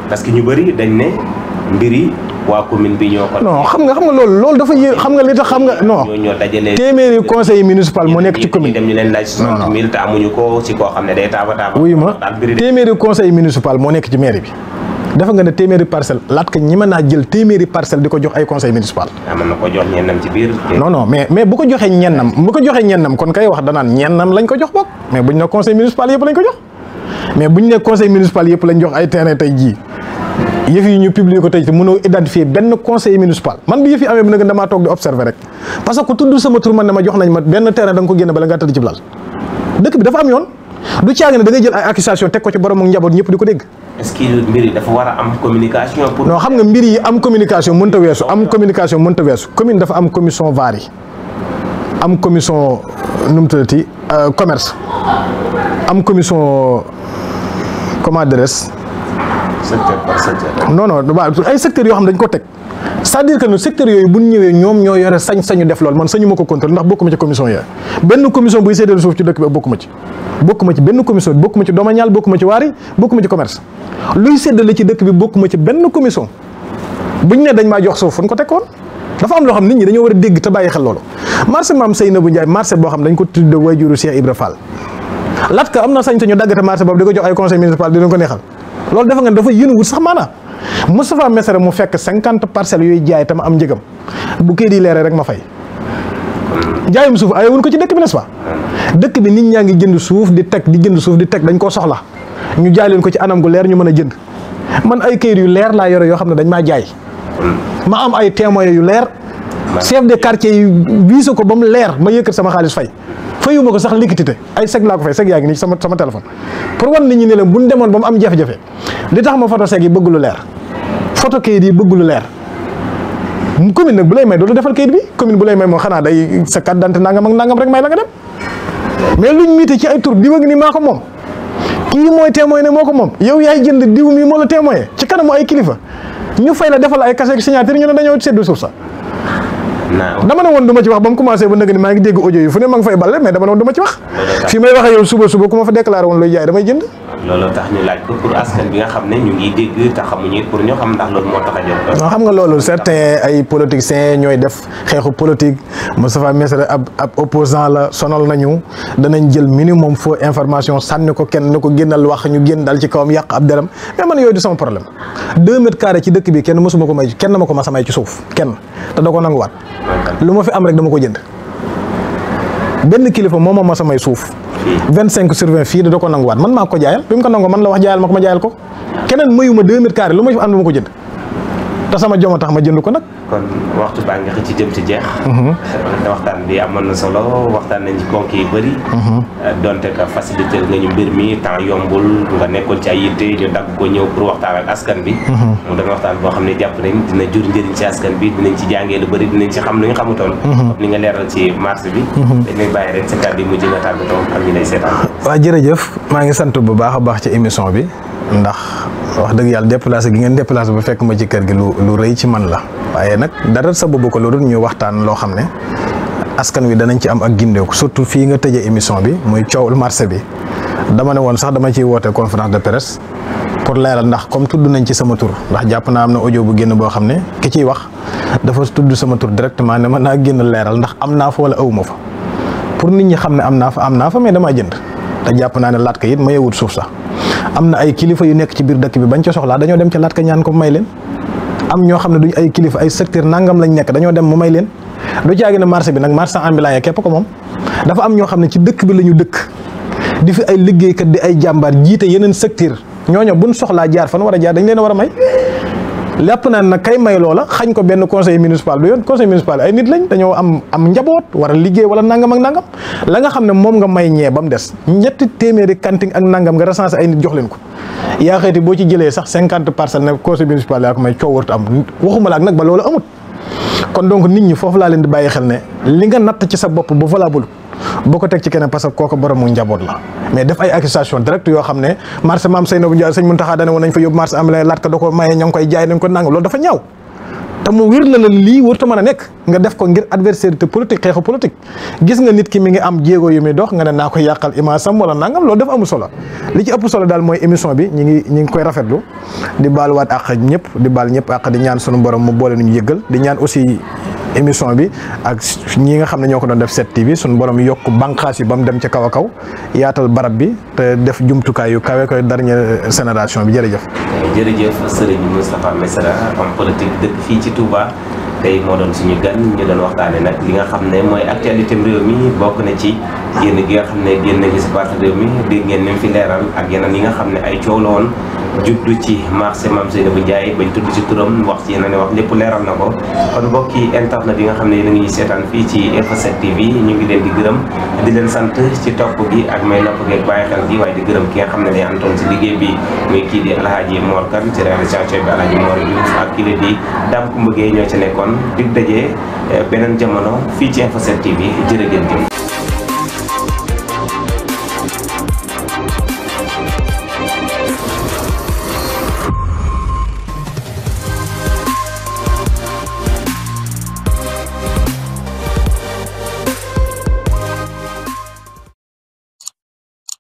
A: parce que ñu bëri dañ ne mbiri waa commune bi ñoo ko. non xam
B: nga xam nga loolu loolu dafa yéen xam nga li tax xam nga non. téeméeri conseil municipal moo nekk ci mairie bi. dafa nga ne téeméeri parcelle laat ka ñi mën naa jël téeméeri parcelle di ko jox ay conseil municipal.
A: am ah, na ko jox ñennam ci biir.
B: non non mais mais bu ko joxee ñennam bu ko joxee ñennam kon kay wax danaan ñennam lañ ko jox bokk mais buñ ne conseil municipal yëpp lañ ko jox mais buñ ne conseil municipal yëpp lañ jox ay terrain yëf yi ñu publier ko tey te mënoo identifier benn conseiller municipal man bi yëf yi amee bu nag damaa toog di observer rek parce que ku sama tur man ne ma jox nañ ma benn terrain da ko génne bala ngaa tëdd ci dëkk bi dafa am yoon du caagi ne da ngay jël ay accusation teg ko ci borom ak njaboot ñëpp di ko dégg.
A: est-ce que mbir yi am communication. pour non xam
B: nga mbir yi am communication mënta weesu am communication mënta weesu commune dafa am commission VAR yi am commission nu mu tuddati euh, commerce am commission euh, comment dirais secteur par secteur. non non waaw ay secteurs yoo xam dañ ko teg c'est-à-dire que ne yooyu bu ñu ñëwee ñoom ñoo yore sañ-sañu def loolu man sañu ko contrôle ndax bokkuma ci commission ya benn commission buy séddale suuf ci dëkk bi bokkuma ci. benn commission bokkuma ci domanial dañ maa jox suuf fu ñu ko teg woon dafa am loo xam nit ñi dañoo war a dégg te bàyyi xel loolu marché maam Seynabou Ndiaye marché boo xam dañ ko tudd wayjuru Cheikh Ibra Fall Latka am na sañ-sañu daggate loolu dafa nga dafa yënuwut sax maanaa Moustapha Messere mu fekk cinquante parcelles yooyu jaay tam am njegam bu kii di leeree rek ma fay. jaayum suuf ayewuñ ko ci dëkk bi n'est-ce dëkk bi nit ñaa ngi jënd suuf di teg di jënd suuf di teg dañ koo soxla ñu jaay leen ko ci anam gu leer ñu mën a jënd man ay kayit yu leer laa yore yoo xam ne dañ maa jaay ma am ay témoins yu leer chef de quartier yi wiise ko ba mu leer ma yëkkat sama xaalis fay fayuma ko sax liquidité ay seg laa ko fay seg yaa ngi nii sama sama téléphone pour wan nit ñi ne leen bu ñu demoon ba mu am jafe-jafe li tax ma photo seg yi bëgg lu leer photo kayit yi bëgg lu leer. commune nag bu lay may dootu defal kayit bi commune bu lay may moom xanaa day sa carte d'identité nangam ak nangam rek may la nga dem mais luñ miite ci ay tur diw ak ni maa ko moom kii mooy témoin ne moo ko moom yow yaay jënd diw mi moo la témoin ci kanamu ay kilifa ñu fay la defal ay kase ak signature sa dama ne woon du ma ci wax ba mu commencé ba nëgg ni maa ngi dégg audio yi fu ne ma nga fay balle mais dama ne woon du ma ci wax fii may waxee yow suba suba ku fa déclaré woon looy jaay damay jënd
A: loolu tax ñu laaj ko pour askan bi nga xam ne ñu ngi dégg te xamuñu pour ñu xam ndax loolu moo tax a jóg.
B: non xam nga loolu certains ay politiciens ñooy def xeexu politique Moustapha Messere ab ab opposant la sonal nañu danañ jël minimum foo information sànni ko kenn ni ko génnal wax ñu génn dal ci kawam yàq ab deram mais man yooyu du sama problème deux mètres ci dëkk bi kenn mësuma ko may kenn ma ko ma samay ci suuf kenn te da ko nanguwaat lu ma fi am rek dama ko jënd. benn kilifa moom ma samay suuf. vingt cinq sur vingt fii da ko nanguwaat man maa ko jaayal bi mu ko nangoo man la wax jaayal ma ko ma jaayal ko. keneen mayu ma deux mètres carrés lu ma am du ma ko jënd. te sama jom a tax ma jënd ko nag.
A: kon waxtu baa nga ci jëm ci jeex. Mhm. waxtaan bi amoon na solo waxtaan nañ ci konk yi bëri. Mhm. Euh, donte que facilité nga ñu mbir mi temps yombul nga nekkoon ci ay yitte ñu dagg ko ñëw pour waxtaan ak askan mhm. boo xam ne jàpp nañ dina jur njëriñ ci askan bi dinañ ci jàngee lu bëri dinañ ci
B: xam jërëjëf maa ngi sant bu baax a baax ci émission bi ndax wax dëgg yàlla déplacé bi ngeen déplacé ba fekk ma ci kër gi lu lu rëy ci man la waaye nag dara sababu ko loolu ñu waxtaan loo xam ne askan wi danañ ci am ak gindeeku surtout fii nga tëjee émission bi muy coowul marché bi dama ne woon sax dama ciy woote conférence de presse pour leeral ndax comme tudd nañ ci sama tur ndax jàpp naa am na audio bu génn boo xam ne ki ciy wax dafa tudd sama tur directement ne mën naa génn leeral ndax naa fa wala awuma fa pour nit ñi xam ne am naa fa am naa fa mais damaa jënd te jàpp naa ne laat ko ma yewut suuf sax am na ay kilifa yu nekk ci biir dëkk bi bañ ca soxlaa dañoo dem ca laat ka ñaan ko may leen am ñoo xam ne duñ ay kilifa ay secteurs nangam lañ nekk dañoo dem mu may leen du jaagi na marché bi nag marchand ambulant ya képp ko moom dafa am ñoo xam ne ci dëkk bi la ñu dëkk di fi ay liggéeykat di ay jàmbaar jiite yeneen secteur ñooñu buñ soxlaa jaar fan war a jaar dañ leen war a may lépp na kay may loola xañ ko benn conseil municipal du yoon conseil municipal ay nit lañ dañoo am am njaboot war a liggéey wala nangam ak nangam la nga xam ne moom nga may ñee ba mu des ñetti téeméeri kanting ak nangam nga recensé ay nit jox leen ko yaa xeeti boo ci jëlee sax cinquante parcelles nag conseil municipal yaa ko may coow warut am waxuma la ak nag ba loola amut kon donc nit ñi foofu laa leen di bàyyi xel ne li nga natt ci sa bopp bu valable boo ko teg ci keneen parce que kooku boromu njaboot la mais def ay accusation direct yoo xam ne marché maam Seynabou Ndiaye sëñ Mountakha dane woon nañ fa yóbbu marché laat ko da ko a mën a nekk nga def ko ngir adversité politique xeexu politique gis nga nit ki mi ngi am jéego yu muy dox nga ne naa ko yàqal image sam wala nangam loolu dafa amul solo li ci ëpp solo daal mooy émission bi ñi ngi ñi ngi koy rafetlu di baal waat àq ñëpp di baal ñëpp àq di ñaan sunu borom mu boole ñu yëggal di ñaan aussi émission bi ak ñi nga xam ne ñoo ko doon def 7TV suñu borom yokk bànqaas yi ba mu dem ci kaw a kaw yaatal barab bi te def jumtukaay yu kawe koy dernière euh, génération bi jërëjëf.
A: jërëjëf sëriñ Moustapha Messere homme politique dëkk fii ci Touba tey moo doon suñu gan ñu doon waxtaanee nag yi nga xam ne mooy actualité réew mi bokk na ci. génn gi nga xam ne génn gis si parti réew mi ngeen ni mu fi leeral ak yeneen yi nga xam ne ay coow la juddu ci marché Mame Seynabou Ndiaye bañ tudd ci turam wax ci yeneen wax lépp leeral na ko kon mbokki internet yi nga xam ne yéen a ngi seetaan fii ci Info7 ñu ngi leen di gërëm di leen sant ci topp gi ak may nopp bàyyi xel gi waaye di gërëm ki nga xam ne day antoon si liggéey bi muy kii di Alhaji Mor Kane ci réalisation bi Alhaji Mor Diouf ak kii la di Dame Coumba ñoo ci nekkoon di dajee eh, beneen jamono fii ci Info7 TV jërëjëf